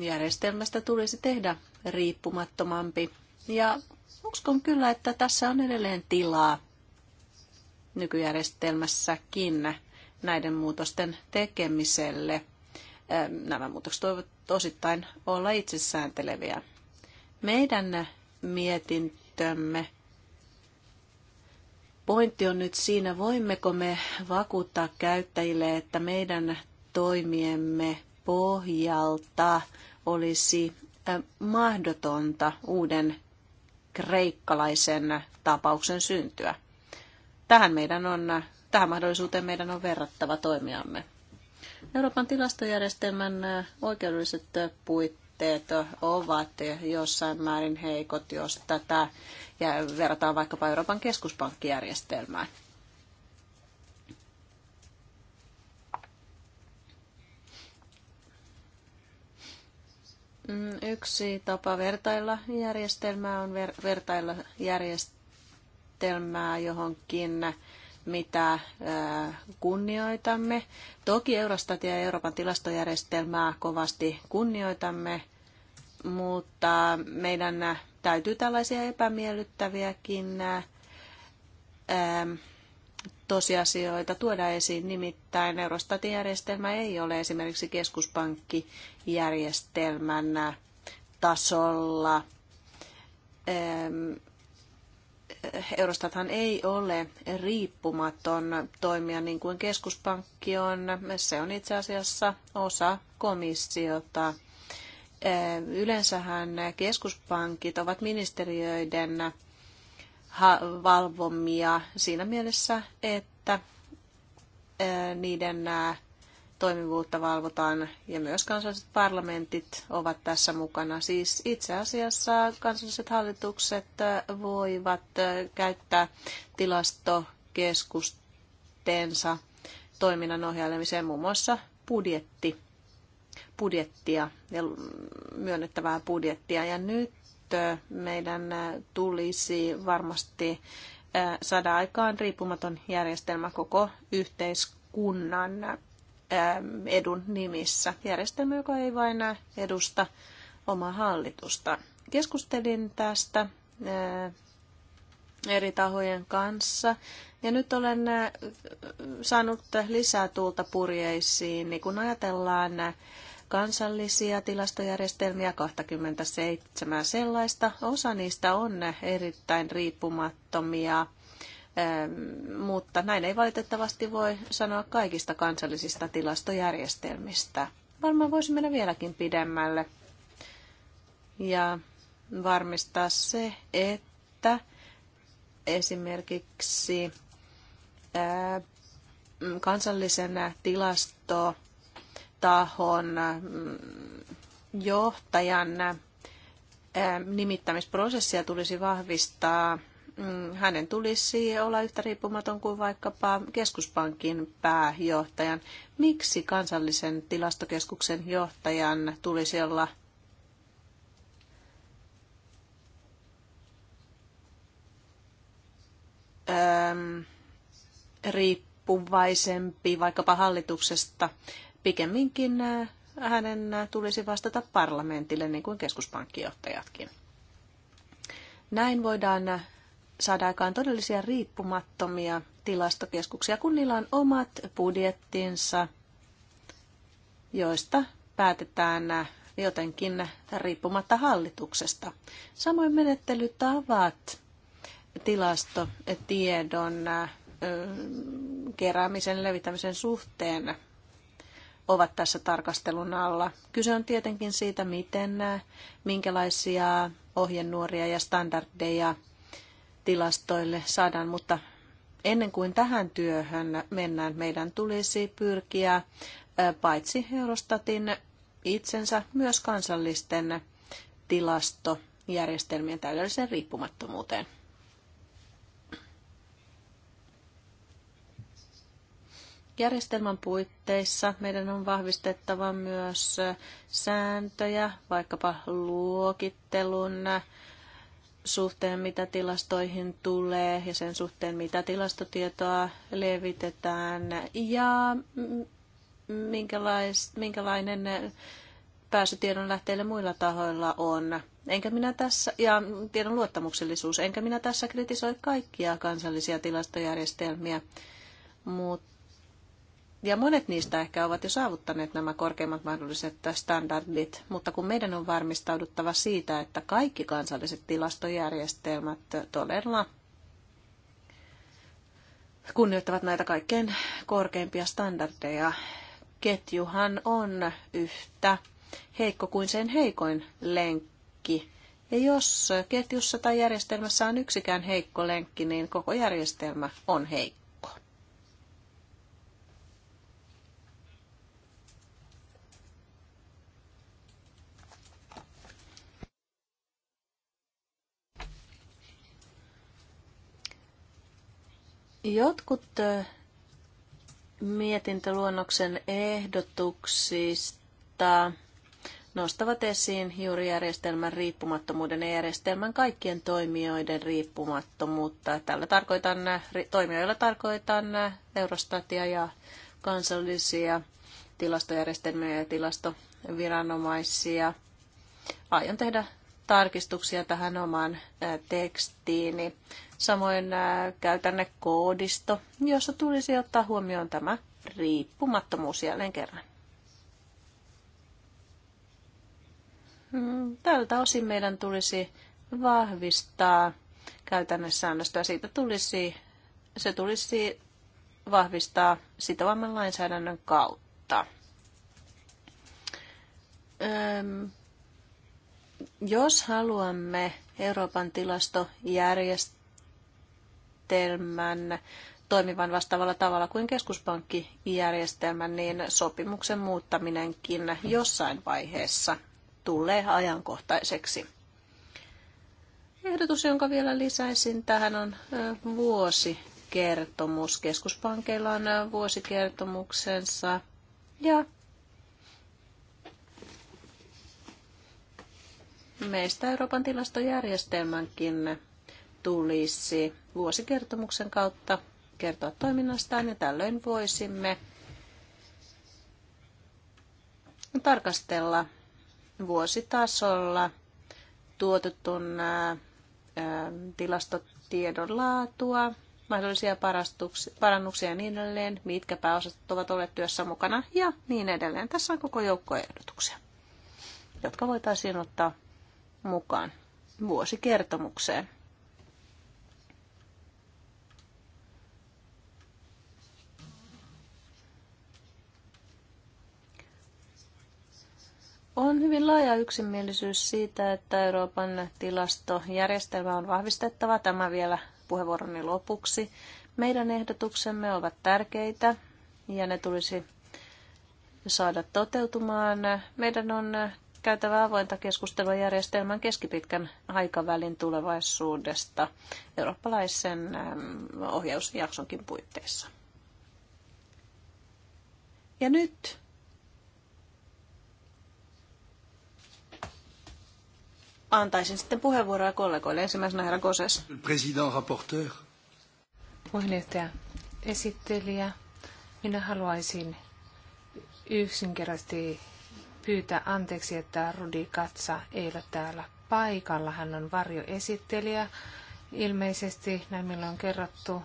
Speaker 5: järjestelmästä tulisi tehdä riippumattomampi. Ja uskon kyllä, että tässä on edelleen tilaa nykyjärjestelmässäkin näiden muutosten tekemiselle. Nämä muutokset voivat osittain olla itsesäänteleviä. Meidän mietintömme pointti on nyt siinä, voimmeko me vakuuttaa käyttäjille, että meidän toimiemme pohjalta olisi mahdotonta uuden kreikkalaisen tapauksen syntyä. Tähän, meidän on, tähän mahdollisuuteen meidän on verrattava toimiamme. Euroopan tilastojärjestelmän oikeudelliset puitteet ovat jossain määrin heikot, jos tätä ja verrataan vaikkapa Euroopan keskuspankkijärjestelmään. Mm, yksi tapa vertailla järjestelmää on ver- vertailla järjestelmää johonkin, mitä äh, kunnioitamme. Toki Eurostat ja Euroopan tilastojärjestelmää kovasti kunnioitamme, mutta meidän täytyy tällaisia epämiellyttäviäkin äh, ähm, tosiasioita tuoda esiin. Nimittäin Eurostatin järjestelmä ei ole esimerkiksi keskuspankkijärjestelmän tasolla. Eurostathan ei ole riippumaton toimija niin kuin keskuspankki on. Se on itse asiassa osa komissiota. Yleensähän keskuspankit ovat ministeriöiden valvomia siinä mielessä, että niiden toimivuutta valvotaan ja myös kansalliset parlamentit ovat tässä mukana. Siis itse asiassa kansalliset hallitukset voivat käyttää tilastokeskustensa toiminnan ohjailemiseen muun muassa budjetti, budjettia ja myönnettävää budjettia. Ja nyt meidän tulisi varmasti saada aikaan riippumaton järjestelmä koko yhteiskunnan edun nimissä. Järjestelmä, joka ei vain edusta omaa hallitusta. Keskustelin tästä eri tahojen kanssa. Ja nyt olen saanut lisää tuulta purjeisiin, niin kun ajatellaan kansallisia tilastojärjestelmiä, 27 sellaista. Osa niistä on erittäin riippumattomia, ähm, mutta näin ei valitettavasti voi sanoa kaikista kansallisista tilastojärjestelmistä. Varmaan voisi mennä vieläkin pidemmälle ja varmistaa se, että esimerkiksi äh, kansallisen tilasto tahon mm, johtajan eh, nimittämisprosessia tulisi vahvistaa. Mm, hänen tulisi olla yhtä riippumaton kuin vaikkapa keskuspankin pääjohtajan. Miksi kansallisen tilastokeskuksen johtajan tulisi olla riippuvaisempi vaikkapa hallituksesta pikemminkin äh, hänen äh, tulisi vastata parlamentille, niin kuin keskuspankkijohtajatkin. Näin voidaan äh, saada aikaan todellisia riippumattomia tilastokeskuksia, kun niillä on omat budjettinsa, joista päätetään jotenkin riippumatta hallituksesta. Samoin menettelytavat tilastotiedon keräämisen levittämisen suhteen ovat tässä tarkastelun alla. Kyse on tietenkin siitä, miten, minkälaisia ohjenuoria ja standardeja tilastoille saadaan, mutta ennen kuin tähän työhön mennään, meidän tulisi pyrkiä paitsi Eurostatin itsensä myös kansallisten tilastojärjestelmien täydelliseen riippumattomuuteen. järjestelmän puitteissa meidän on vahvistettava myös sääntöjä, vaikkapa luokittelun suhteen, mitä tilastoihin tulee ja sen suhteen, mitä tilastotietoa levitetään ja minkälais, minkälainen pääsy lähteille muilla tahoilla on. Enkä minä tässä, ja tiedon luottamuksellisuus, enkä minä tässä kritisoi kaikkia kansallisia tilastojärjestelmiä, mutta ja monet niistä ehkä ovat jo saavuttaneet nämä korkeimmat mahdolliset standardit, mutta kun meidän on varmistauduttava siitä, että kaikki kansalliset tilastojärjestelmät todella kunnioittavat näitä kaikkein korkeimpia standardeja. Ketjuhan on yhtä heikko kuin sen heikoin lenkki. Ja jos ketjussa tai järjestelmässä on yksikään heikko lenkki, niin koko järjestelmä on heikko. Jotkut mietintöluonnoksen ehdotuksista nostavat esiin juuri järjestelmän riippumattomuuden ja järjestelmän kaikkien toimijoiden riippumattomuutta. Tällä tarkoitan, toimijoilla tarkoitan Eurostatia ja kansallisia tilastojärjestelmiä ja tilastoviranomaisia. Aion tehdä tarkistuksia tähän omaan tekstiini. Samoin käytänne koodisto, jossa tulisi ottaa huomioon tämä riippumattomuus jälleen kerran. Hmm, tältä osin meidän tulisi vahvistaa käytännössäännöstöä. Siitä tulisi, se tulisi vahvistaa sitovamman lainsäädännön kautta. Öm, jos haluamme Euroopan tilastojärjestelmän toimivan vastaavalla tavalla kuin keskuspankkijärjestelmän, niin sopimuksen muuttaminenkin jossain vaiheessa tulee ajankohtaiseksi. Ehdotus, jonka vielä lisäisin tähän, on vuosikertomus. Keskuspankeilla on vuosikertomuksensa ja meistä Euroopan tilastojärjestelmänkin tulisi vuosikertomuksen kautta kertoa toiminnastaan ja tällöin voisimme tarkastella vuositasolla tuotetun tilastotiedon laatua, mahdollisia parannuksia ja niin edelleen, mitkä pääosat ovat olleet työssä mukana ja niin edelleen. Tässä on koko joukko ehdotuksia, jotka voitaisiin ottaa mukaan vuosikertomukseen. On hyvin laaja yksimielisyys siitä, että Euroopan tilastojärjestelmä on vahvistettava. Tämä vielä puheenvuoroni lopuksi. Meidän ehdotuksemme ovat tärkeitä ja ne tulisi saada toteutumaan. Meidän on käytävä avointa keskustelua järjestelmän keskipitkän aikavälin tulevaisuudesta eurooppalaisen ähm, ohjausjaksonkin puitteissa. Ja nyt antaisin sitten puheenvuoroa kollegoille. Ensimmäisenä herra Koses.
Speaker 1: President rapporteur.
Speaker 5: Puheenjohtaja, esittelijä.
Speaker 4: Minä haluaisin yksinkertaisesti pyytää anteeksi, että Rudi Katsa ei ole täällä paikalla. Hän on varjoesittelijä. Ilmeisesti näin minulle on kerrottu.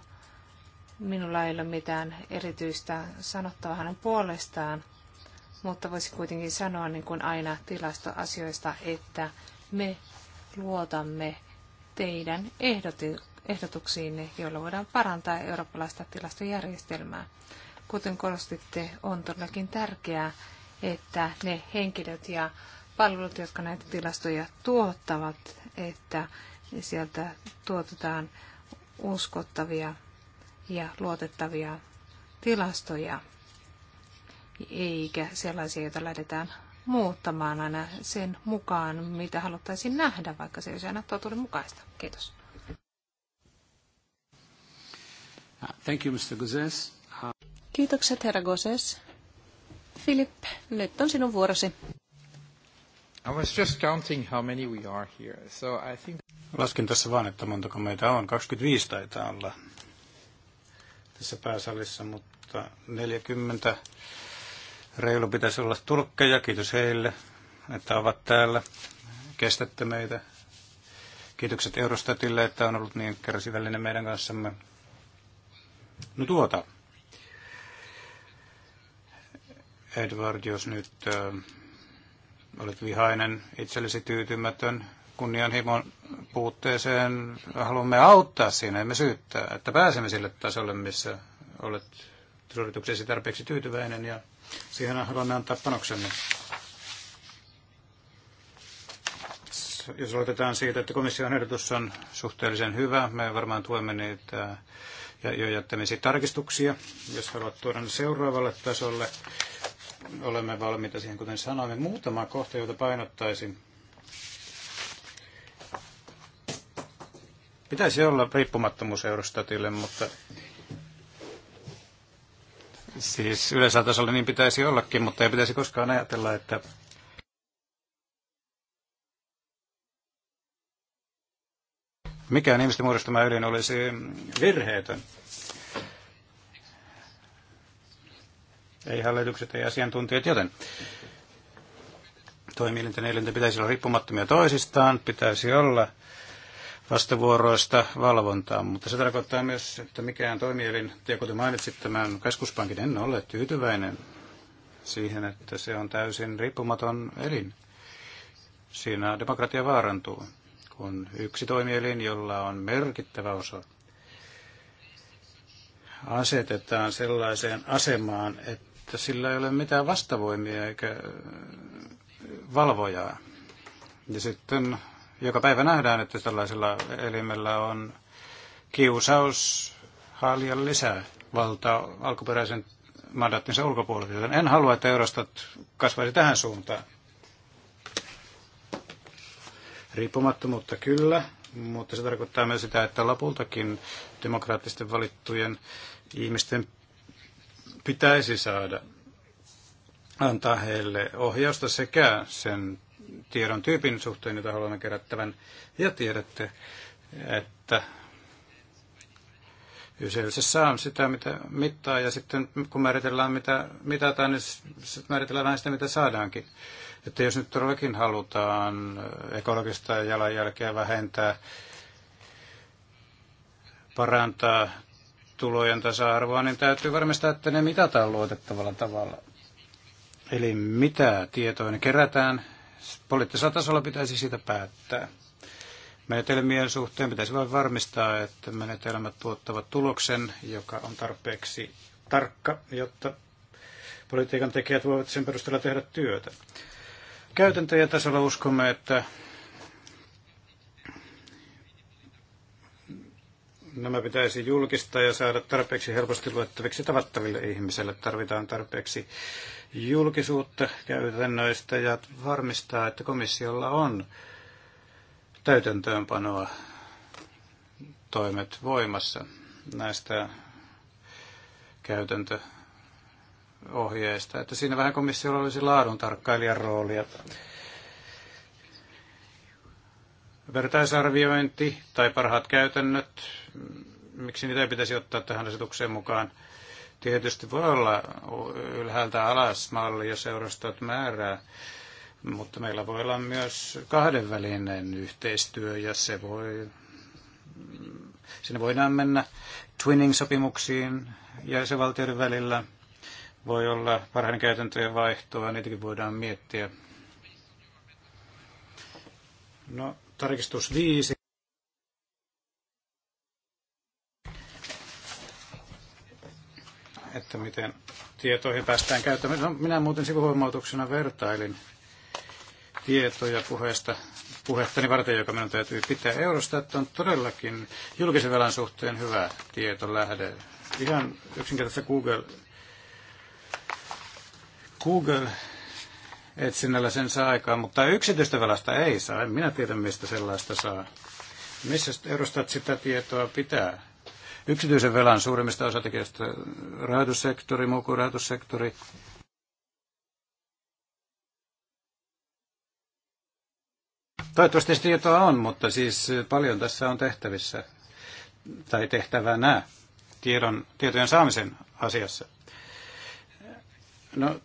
Speaker 4: Minulla ei ole mitään erityistä sanottavaa hänen puolestaan, mutta voisi kuitenkin sanoa niin kuin aina tilastoasioista, että me luotamme teidän ehdotuksiinne, joilla voidaan parantaa eurooppalaista tilastojärjestelmää. Kuten korostitte, on todellakin tärkeää, että ne henkilöt ja palvelut, jotka näitä tilastoja tuottavat, että sieltä tuotetaan uskottavia ja luotettavia tilastoja, eikä sellaisia, joita lähdetään muuttamaan aina sen mukaan, mitä haluttaisiin nähdä, vaikka se ei aina totuuden mukaista. Kiitos.
Speaker 3: Thank you, Mr. Gozes.
Speaker 5: Kiitokset, herra Gozes. Philip, nyt on sinun vuorosi.
Speaker 3: I was just counting how many we are here. So I think... Laskin tässä vaan, että montako meitä on. 25 taitaa olla tässä pääsalissa, mutta 40 reilu pitäisi olla tulkkeja. Kiitos heille, että ovat täällä. Kestätte meitä. Kiitokset Eurostatille, että on ollut niin kärsivällinen meidän kanssamme. No tuota. Edward, jos nyt äh, olet vihainen, itsellesi tyytymätön, kunnianhimon puutteeseen, haluamme auttaa siinä, emme syyttää, että pääsemme sille tasolle, missä olet suorituksesi tarpeeksi tyytyväinen ja siihen haluamme antaa panoksemme. Jos aloitetaan siitä, että komission ehdotus on suhteellisen hyvä, me varmaan tuemme niitä ja jo jättämisiä tarkistuksia, jos haluat tuoda ne seuraavalle tasolle, olemme valmiita siihen, kuten sanoimme. Muutama kohta, jota painottaisin. Pitäisi olla riippumattomuus Eurostatille, mutta siis yleisellä tasolla niin pitäisi ollakin, mutta ei pitäisi koskaan ajatella, että mikään ihmisten muodostama ylin olisi virheetön. ei hallitukset, ei asiantuntijat, joten toimielinten elinten pitäisi olla riippumattomia toisistaan, pitäisi olla vastavuoroista valvontaa, mutta se tarkoittaa myös, että mikään toimielin, ja kuten mainitsit tämän keskuspankin, en ole tyytyväinen siihen, että se on täysin riippumaton elin. Siinä demokratia vaarantuu, kun yksi toimielin, jolla on merkittävä osa, asetetaan sellaiseen asemaan, että että sillä ei ole mitään vastavoimia eikä valvojaa. Ja sitten joka päivä nähdään, että tällaisella elimellä on kiusaus haalia lisää valtaa alkuperäisen mandaattinsa ulkopuolelta. Joten en halua, että Eurostat kasvaisi tähän suuntaan. Riippumattomuutta kyllä, mutta se tarkoittaa myös sitä, että lopultakin demokraattisten valittujen ihmisten pitäisi saada antaa heille ohjausta sekä sen tiedon tyypin suhteen, jota haluamme kerättävän. Ja tiedätte, että Yseisessä on sitä, mitä mittaa, ja sitten kun määritellään, mitä mitataan, niin määritellään vähän sitä, mitä saadaankin. Että jos nyt todellakin halutaan äh, ekologista jalanjälkeä vähentää, parantaa tulojen tasa-arvoa, niin täytyy varmistaa, että ne mitataan luotettavalla tavalla. Eli mitä tietoa ne kerätään, poliittisella tasolla pitäisi siitä päättää. Menetelmien suhteen pitäisi vain varmistaa, että menetelmät tuottavat tuloksen, joka on tarpeeksi tarkka, jotta politiikan tekijät voivat sen perusteella tehdä työtä. Käytäntöjen tasolla uskomme, että Nämä pitäisi julkistaa ja saada tarpeeksi helposti luettaviksi tavattaville ihmisille. Tarvitaan tarpeeksi julkisuutta käytännöistä ja varmistaa, että komissiolla on täytäntöönpanoa toimet voimassa näistä ohjeista, Että siinä vähän komissiolla olisi laadun tarkkailijan roolia. Vertaisarviointi tai parhaat käytännöt miksi niitä pitäisi ottaa tähän asetukseen mukaan. Tietysti voi olla ylhäältä alas malli, jos eurostot määrää, mutta meillä voi olla myös kahdenvälinen yhteistyö ja se voi, sinne voidaan mennä twinning-sopimuksiin jäsenvaltioiden välillä. Voi olla parhaiden käytäntöjen vaihtoa, niitäkin voidaan miettiä. No, tarkistus viisi että miten tietoihin päästään käyttämään. No, minä muuten sivuhuomautuksena vertailin tietoja puheesta, puhettani varten, joka minun täytyy pitää eurosta, että on todellakin julkisen velan suhteen hyvä tietolähde. Ihan yksinkertaisesti Google, Google etsinnällä sen saa aikaan, mutta yksityistä velasta ei saa. En minä tiedä, mistä sellaista saa. Missä Eurostat sitä tietoa pitää? Yksityisen velan suurimmista osatekijöistä rahoitussektori, muu kuin rahoitussektori, Toivottavasti tietoa on, mutta siis paljon tässä on tehtävissä tai tehtävänä tiedon, tietojen saamisen asiassa. No,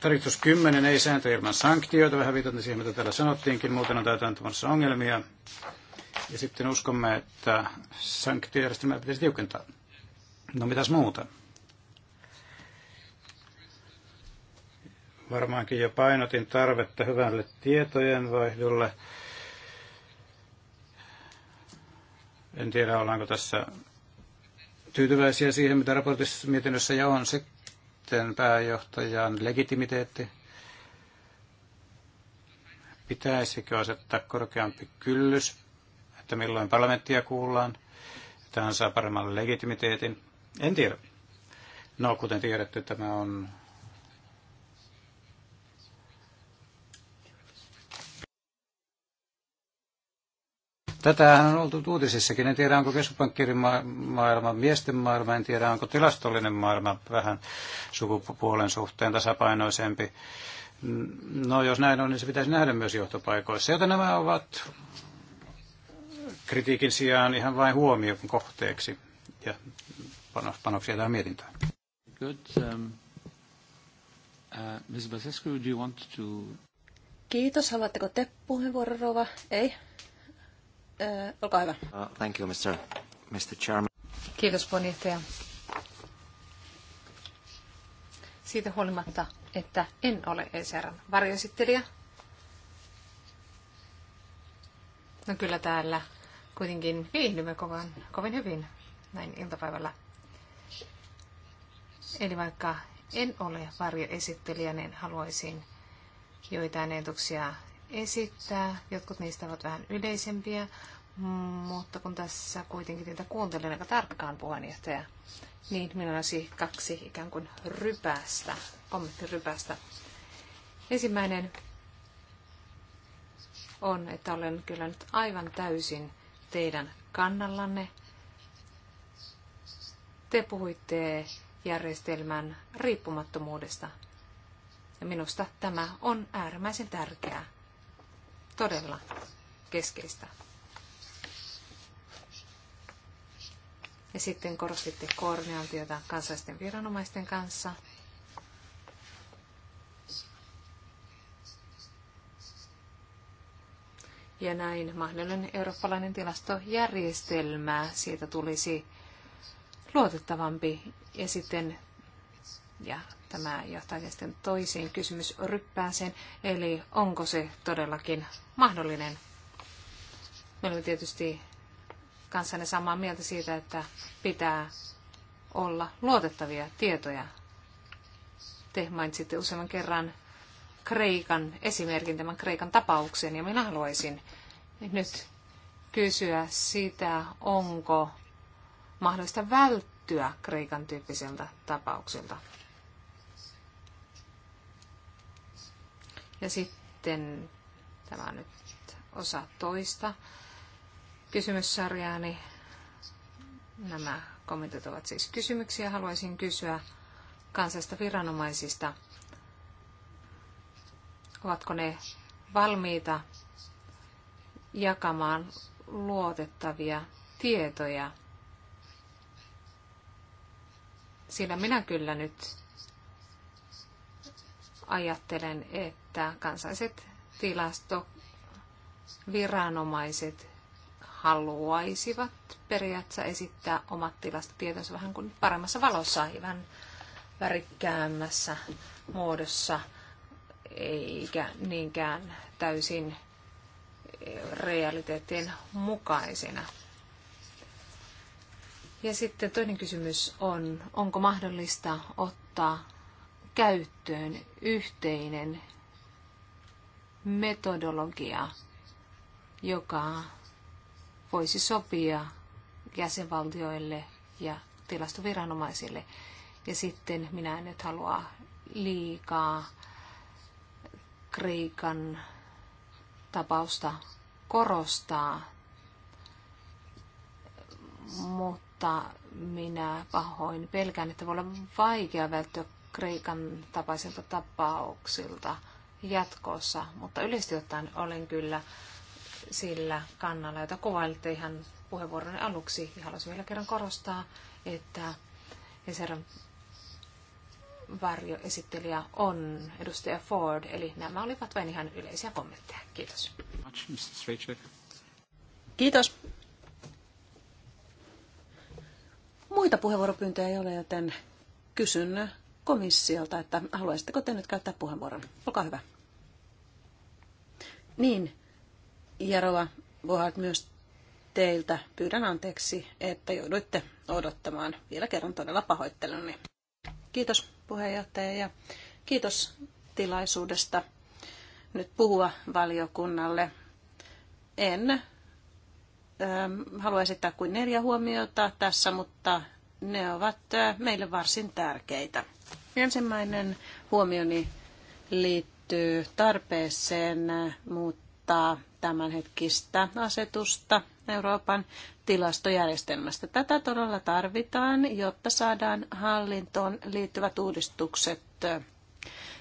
Speaker 3: tarkistus 10 ei sääntö ilman sanktioita, vähän viitaten siihen, mitä täällä sanottiinkin, muuten on täytäntömässä ongelmia. Ja sitten uskomme, että sanktiojärjestelmää pitäisi tiukentaa. No mitäs muuta? Varmaankin jo painotin tarvetta hyvälle tietojenvaihdolle. En tiedä, ollaanko tässä tyytyväisiä siihen, mitä raportissa mietinnössä jo on. Sitten pääjohtajan legitimiteetti. Pitäisikö asettaa korkeampi kyllys että milloin parlamenttia kuullaan. hän saa paremman legitimiteetin. En tiedä. No, kuten tiedätte, tämä on Tätähän on oltu uutisissakin. En tiedä, onko ma- maailma, miesten maailma, en tiedä, onko tilastollinen maailma vähän sukupuolen suhteen tasapainoisempi. No jos näin on, niin se pitäisi nähdä myös johtopaikoissa. Joten nämä ovat kritiikin sijaan ihan vain huomion kohteeksi ja panoksia tähän mietintään. Good. Um, uh, Ms. Basescu, do you want to...
Speaker 5: Kiitos. Haluatteko te puheenvuoron, Rova? Ei. Ö, olkaa hyvä.
Speaker 4: Uh, thank you, Mr. Mr. Chairman.
Speaker 5: Kiitos, puheenjohtaja.
Speaker 4: Siitä huolimatta, että en ole ECRn varjoesittelijä. No kyllä täällä kuitenkin viihdymme kovan, kovin hyvin näin iltapäivällä. Eli vaikka en ole varjoesittelijä, niin haluaisin joitain ajatuksia esittää. Jotkut niistä ovat vähän yleisempiä, mutta kun tässä kuitenkin teitä kuuntelen aika tarkkaan puheenjohtaja, niin minulla olisi kaksi ikään kuin rypästä, kommenttirypästä. Ensimmäinen on, että olen kyllä nyt aivan täysin teidän kannallanne. Te puhuitte järjestelmän riippumattomuudesta. Ja minusta tämä on äärimmäisen tärkeää. Todella keskeistä. Ja sitten korostitte koordinaatiota kansallisten viranomaisten kanssa – Ja näin mahdollinen eurooppalainen tilastojärjestelmä, siitä tulisi luotettavampi ja sitten ja tämä johtaa sitten toiseen kysymysryppääseen, eli onko se todellakin mahdollinen? Me olemme tietysti kanssanne samaa mieltä siitä, että pitää olla luotettavia tietoja. Te mainitsitte useamman kerran Kreikan esimerkin, tämän Kreikan tapauksen, ja minä haluaisin niin nyt kysyä sitä, onko mahdollista välttyä Kreikan tyyppisiltä tapauksilta. Ja sitten tämä on nyt osa toista kysymyssarjaani. Nämä kommentit ovat siis kysymyksiä. Haluaisin kysyä kansallista viranomaisista. Ovatko ne valmiita jakamaan luotettavia tietoja. Sillä minä kyllä nyt ajattelen, että kansalliset tilastoviranomaiset haluaisivat periaatteessa esittää omat tilastotietonsa vähän kuin paremmassa valossa ja vähän värikkäämmässä muodossa, eikä niinkään täysin realiteettien mukaisina. Ja sitten toinen kysymys on, onko mahdollista ottaa käyttöön yhteinen metodologia, joka voisi sopia jäsenvaltioille ja tilastoviranomaisille. Ja sitten minä en nyt halua liikaa Kreikan tapausta korostaa, mutta minä pahoin pelkään, että voi olla vaikea välttyä Kreikan tapaisilta tapauksilta jatkossa, mutta yleisesti ottaen olen kyllä sillä kannalla, jota kuvailitte ihan puheenvuoron aluksi. Ja haluaisin vielä kerran korostaa, että Eseran varjoesittelijä on edustaja Ford, eli nämä
Speaker 5: olivat vain ihan yleisiä kommentteja. Kiitos. Kiitos. Muita puheenvuoropyyntöjä ei ole, joten kysyn komissiolta, että haluaisitteko te nyt käyttää puheenvuoron? Olkaa hyvä. Niin, Jarova voit myös teiltä pyydän anteeksi, että jouduitte odottamaan. Vielä kerran todella pahoitteluni. Kiitos puheenjohtaja ja kiitos tilaisuudesta nyt puhua valiokunnalle. En ähm, halua esittää kuin neljä huomiota tässä, mutta ne ovat äh, meille varsin tärkeitä. Ensimmäinen huomioni liittyy tarpeeseen muuttaa tämänhetkistä asetusta Euroopan tilastojärjestelmästä. Tätä todella tarvitaan, jotta saadaan hallintoon liittyvät uudistukset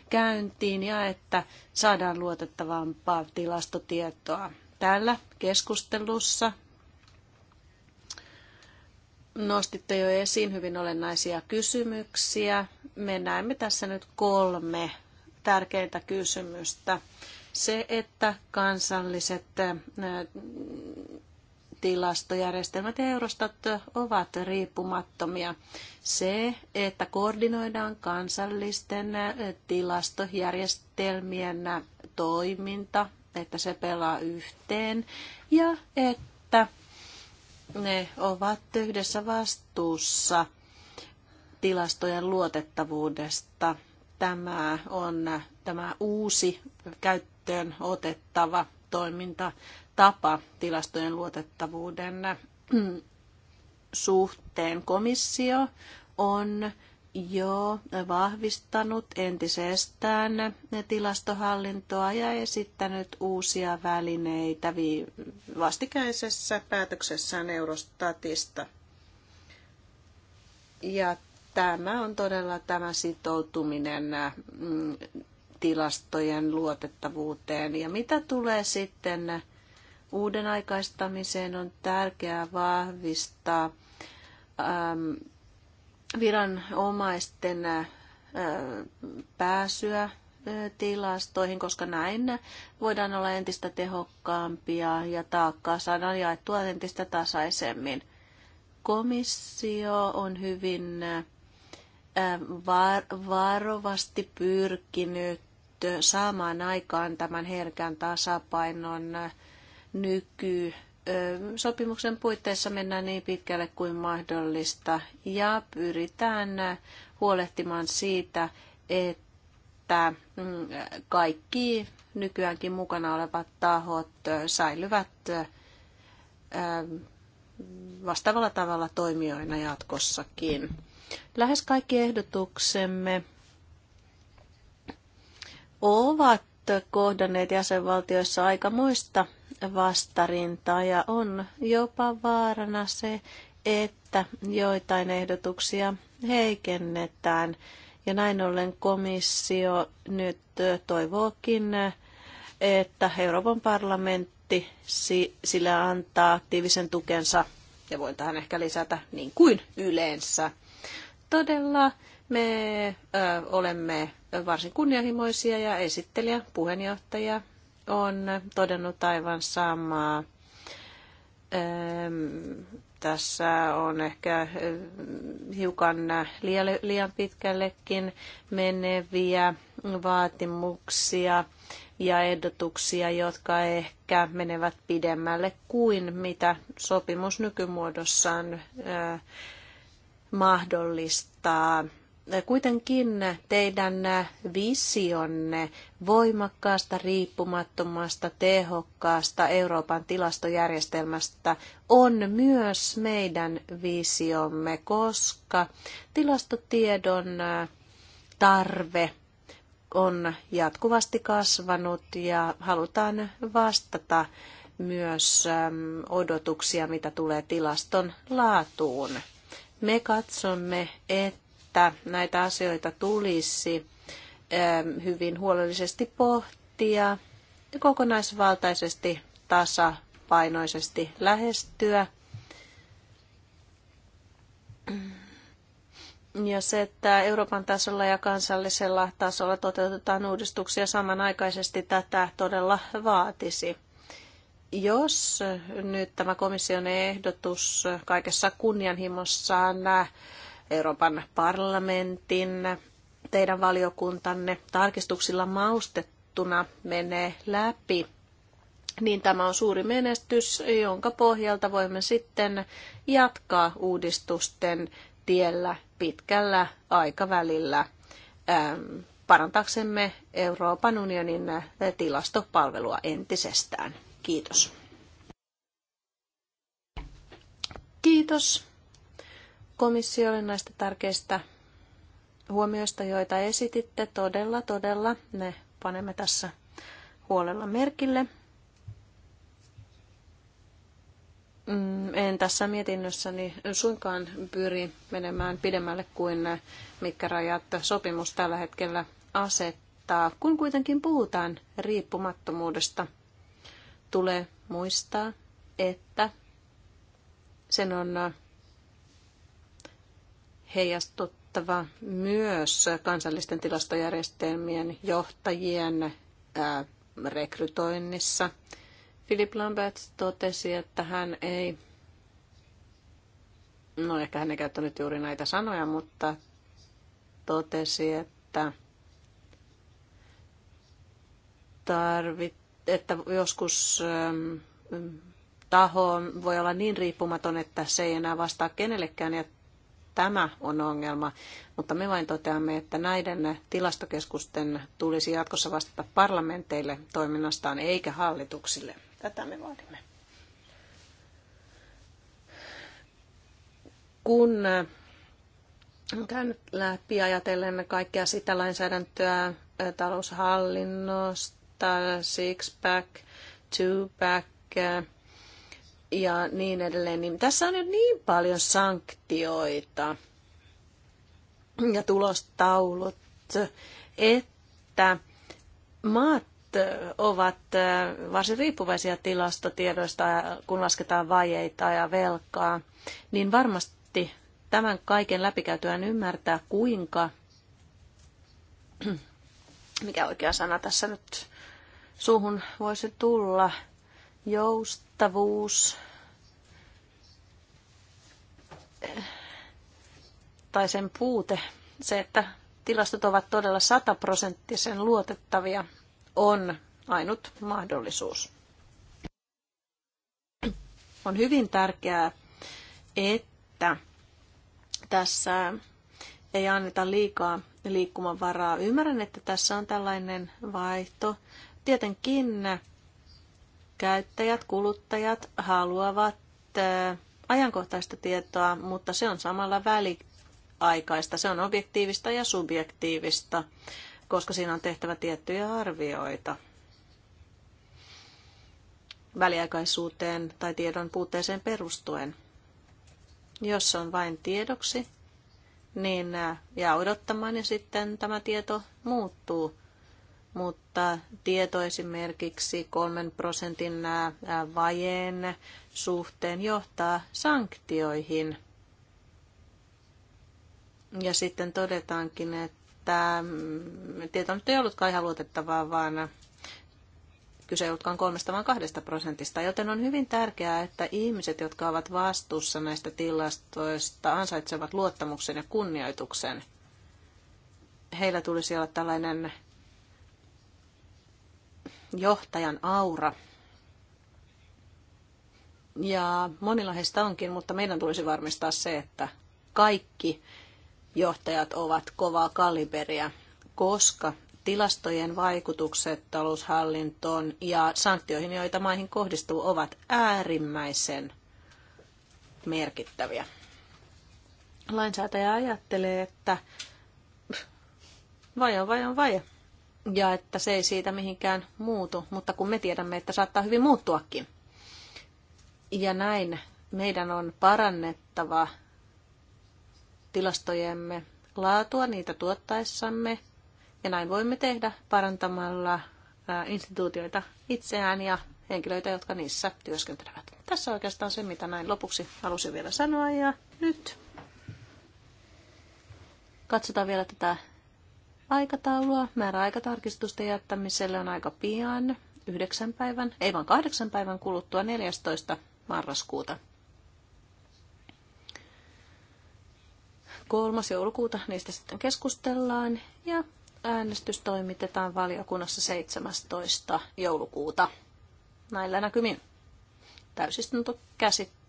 Speaker 5: käyntiin ja että saadaan luotettavampaa tilastotietoa. Täällä keskustelussa nostitte jo esiin hyvin olennaisia kysymyksiä. Me näemme tässä nyt kolme tärkeintä kysymystä. Se, että kansalliset tilastojärjestelmät ja Eurostat ovat riippumattomia. Se, että koordinoidaan kansallisten tilastojärjestelmien toiminta, että se pelaa yhteen ja että ne ovat yhdessä vastuussa tilastojen luotettavuudesta. Tämä on tämä uusi käyttöön otettava toiminta tapa tilastojen luotettavuuden suhteen. Komissio on jo vahvistanut entisestään tilastohallintoa ja esittänyt uusia välineitä vastikäisessä päätöksessään Eurostatista. Ja tämä on todella tämä sitoutuminen mm, tilastojen luotettavuuteen. Ja mitä tulee sitten uuden aikaistamiseen on tärkeää vahvistaa ähm, viranomaisten äh, pääsyä tilastoihin, koska näin voidaan olla entistä tehokkaampia ja taakkaa saadaan jaettua entistä tasaisemmin. Komissio on hyvin varovasti pyrkinyt saamaan aikaan tämän herkän tasapainon nyky sopimuksen puitteissa mennään niin pitkälle kuin mahdollista ja pyritään huolehtimaan siitä, että mm, kaikki nykyäänkin mukana olevat tahot säilyvät vastaavalla tavalla toimijoina jatkossakin. Lähes kaikki ehdotuksemme ovat kohdanneet jäsenvaltioissa aikamoista vastarintaa ja on jopa vaarana se, että joitain ehdotuksia heikennetään. Ja näin ollen komissio nyt toivookin, että Euroopan parlamentti sillä antaa aktiivisen tukensa, ja voin tähän ehkä lisätä niin kuin yleensä. Todella me ö, olemme varsin kunnianhimoisia ja esittelijä, puheenjohtaja on todennut aivan samaa. Tässä on ehkä hiukan liian pitkällekin meneviä vaatimuksia ja ehdotuksia, jotka ehkä menevät pidemmälle kuin mitä sopimus nykymuodossaan mahdollistaa kuitenkin teidän visionne voimakkaasta, riippumattomasta, tehokkaasta Euroopan tilastojärjestelmästä on myös meidän visiomme, koska tilastotiedon tarve on jatkuvasti kasvanut ja halutaan vastata myös odotuksia, mitä tulee tilaston laatuun. Me katsomme, että että näitä asioita tulisi ähm, hyvin huolellisesti pohtia ja kokonaisvaltaisesti tasapainoisesti lähestyä. Ja se, että Euroopan tasolla ja kansallisella tasolla toteutetaan uudistuksia samanaikaisesti, tätä todella vaatisi. Jos nyt tämä komission ehdotus kaikessa kunnianhimossaan Euroopan parlamentin, teidän valiokuntanne tarkistuksilla maustettuna menee läpi, niin tämä on suuri menestys, jonka pohjalta voimme sitten jatkaa uudistusten tiellä pitkällä aikavälillä ähm, parantaksemme Euroopan unionin tilastopalvelua entisestään. Kiitos. Kiitos komissiolle näistä tärkeistä huomioista, joita esititte. Todella, todella ne panemme tässä huolella merkille. Mm, en tässä mietinnössäni suinkaan pyri menemään pidemmälle kuin mitkä rajat sopimus tällä hetkellä asettaa. Kun kuitenkin puhutaan riippumattomuudesta, tulee muistaa, että sen on heijastuttava myös kansallisten tilastojärjestelmien johtajien rekrytoinnissa. Philip Lambert totesi, että hän ei, no ehkä hän ei käyttänyt juuri näitä sanoja, mutta totesi, että tarvit, että joskus taho voi olla niin riippumaton, että se ei enää vastaa kenellekään ja Tämä on ongelma, mutta me vain toteamme, että näiden tilastokeskusten tulisi jatkossa vastata parlamenteille toiminnastaan eikä hallituksille. Tätä me vaadimme. Kun käyn läpi ajatellen kaikkea sitä lainsäädäntöä taloushallinnosta, six-pack, two-pack, ja niin edelleen, niin tässä on nyt niin paljon sanktioita ja tulostaulut, että maat ovat varsin riippuvaisia tilastotiedoista, kun lasketaan vajeita ja velkaa, niin varmasti tämän kaiken läpikäytyään ymmärtää, kuinka, mikä oikea sana tässä nyt suuhun voisi tulla, joustavuus tai sen puute, se, että tilastot ovat todella sataprosenttisen luotettavia, on ainut mahdollisuus. On hyvin tärkeää, että tässä ei anneta liikaa liikkumavaraa. Ymmärrän, että tässä on tällainen vaihto. Tietenkin käyttäjät, kuluttajat haluavat äh, ajankohtaista tietoa, mutta se on samalla väliaikaista. Se on objektiivista ja subjektiivista, koska siinä on tehtävä tiettyjä arvioita. Väliaikaisuuteen tai tiedon puutteeseen perustuen. Jos se on vain tiedoksi, niin jää odottamaan ja sitten tämä tieto muuttuu – mutta tieto esimerkiksi kolmen prosentin vajeen suhteen johtaa sanktioihin. Ja sitten todetaankin, että mm, tieto nyt ei ollutkaan ihan luotettavaa, vaan kyse ei ollutkaan kolmesta, vaan kahdesta prosentista. Joten on hyvin tärkeää, että ihmiset, jotka ovat vastuussa näistä tilastoista, ansaitsevat luottamuksen ja kunnioituksen. Heillä tulisi olla tällainen johtajan aura. Ja monilla heistä onkin, mutta meidän tulisi varmistaa se, että kaikki johtajat ovat kovaa kaliberia, koska tilastojen vaikutukset taloushallintoon ja sanktioihin, joita maihin kohdistuu, ovat äärimmäisen merkittäviä. Lainsäätäjä ajattelee, että vai on vai on on ja että se ei siitä mihinkään muutu, mutta kun me tiedämme, että saattaa hyvin muuttuakin. Ja näin meidän on parannettava tilastojemme laatua niitä tuottaessamme, ja näin voimme tehdä parantamalla äh, instituutioita itseään ja henkilöitä, jotka niissä työskentelevät. Tässä oikeastaan se, mitä näin lopuksi halusin vielä sanoa, ja nyt katsotaan vielä tätä aikataulua. Määräaikatarkistusten jättämiselle on aika pian, yhdeksän päivän, ei vaan kahdeksan päivän kuluttua 14. marraskuuta. 3. joulukuuta niistä sitten keskustellaan ja äänestys toimitetaan valiokunnassa 17. joulukuuta. Näillä näkymin käsittely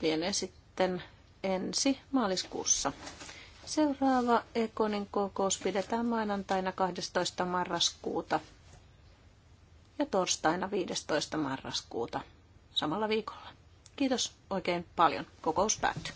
Speaker 5: lienee sitten ensi maaliskuussa. Seuraava ekonen kokous pidetään maanantaina 12. marraskuuta ja torstaina 15. marraskuuta samalla viikolla. Kiitos oikein paljon. Kokous päättyy.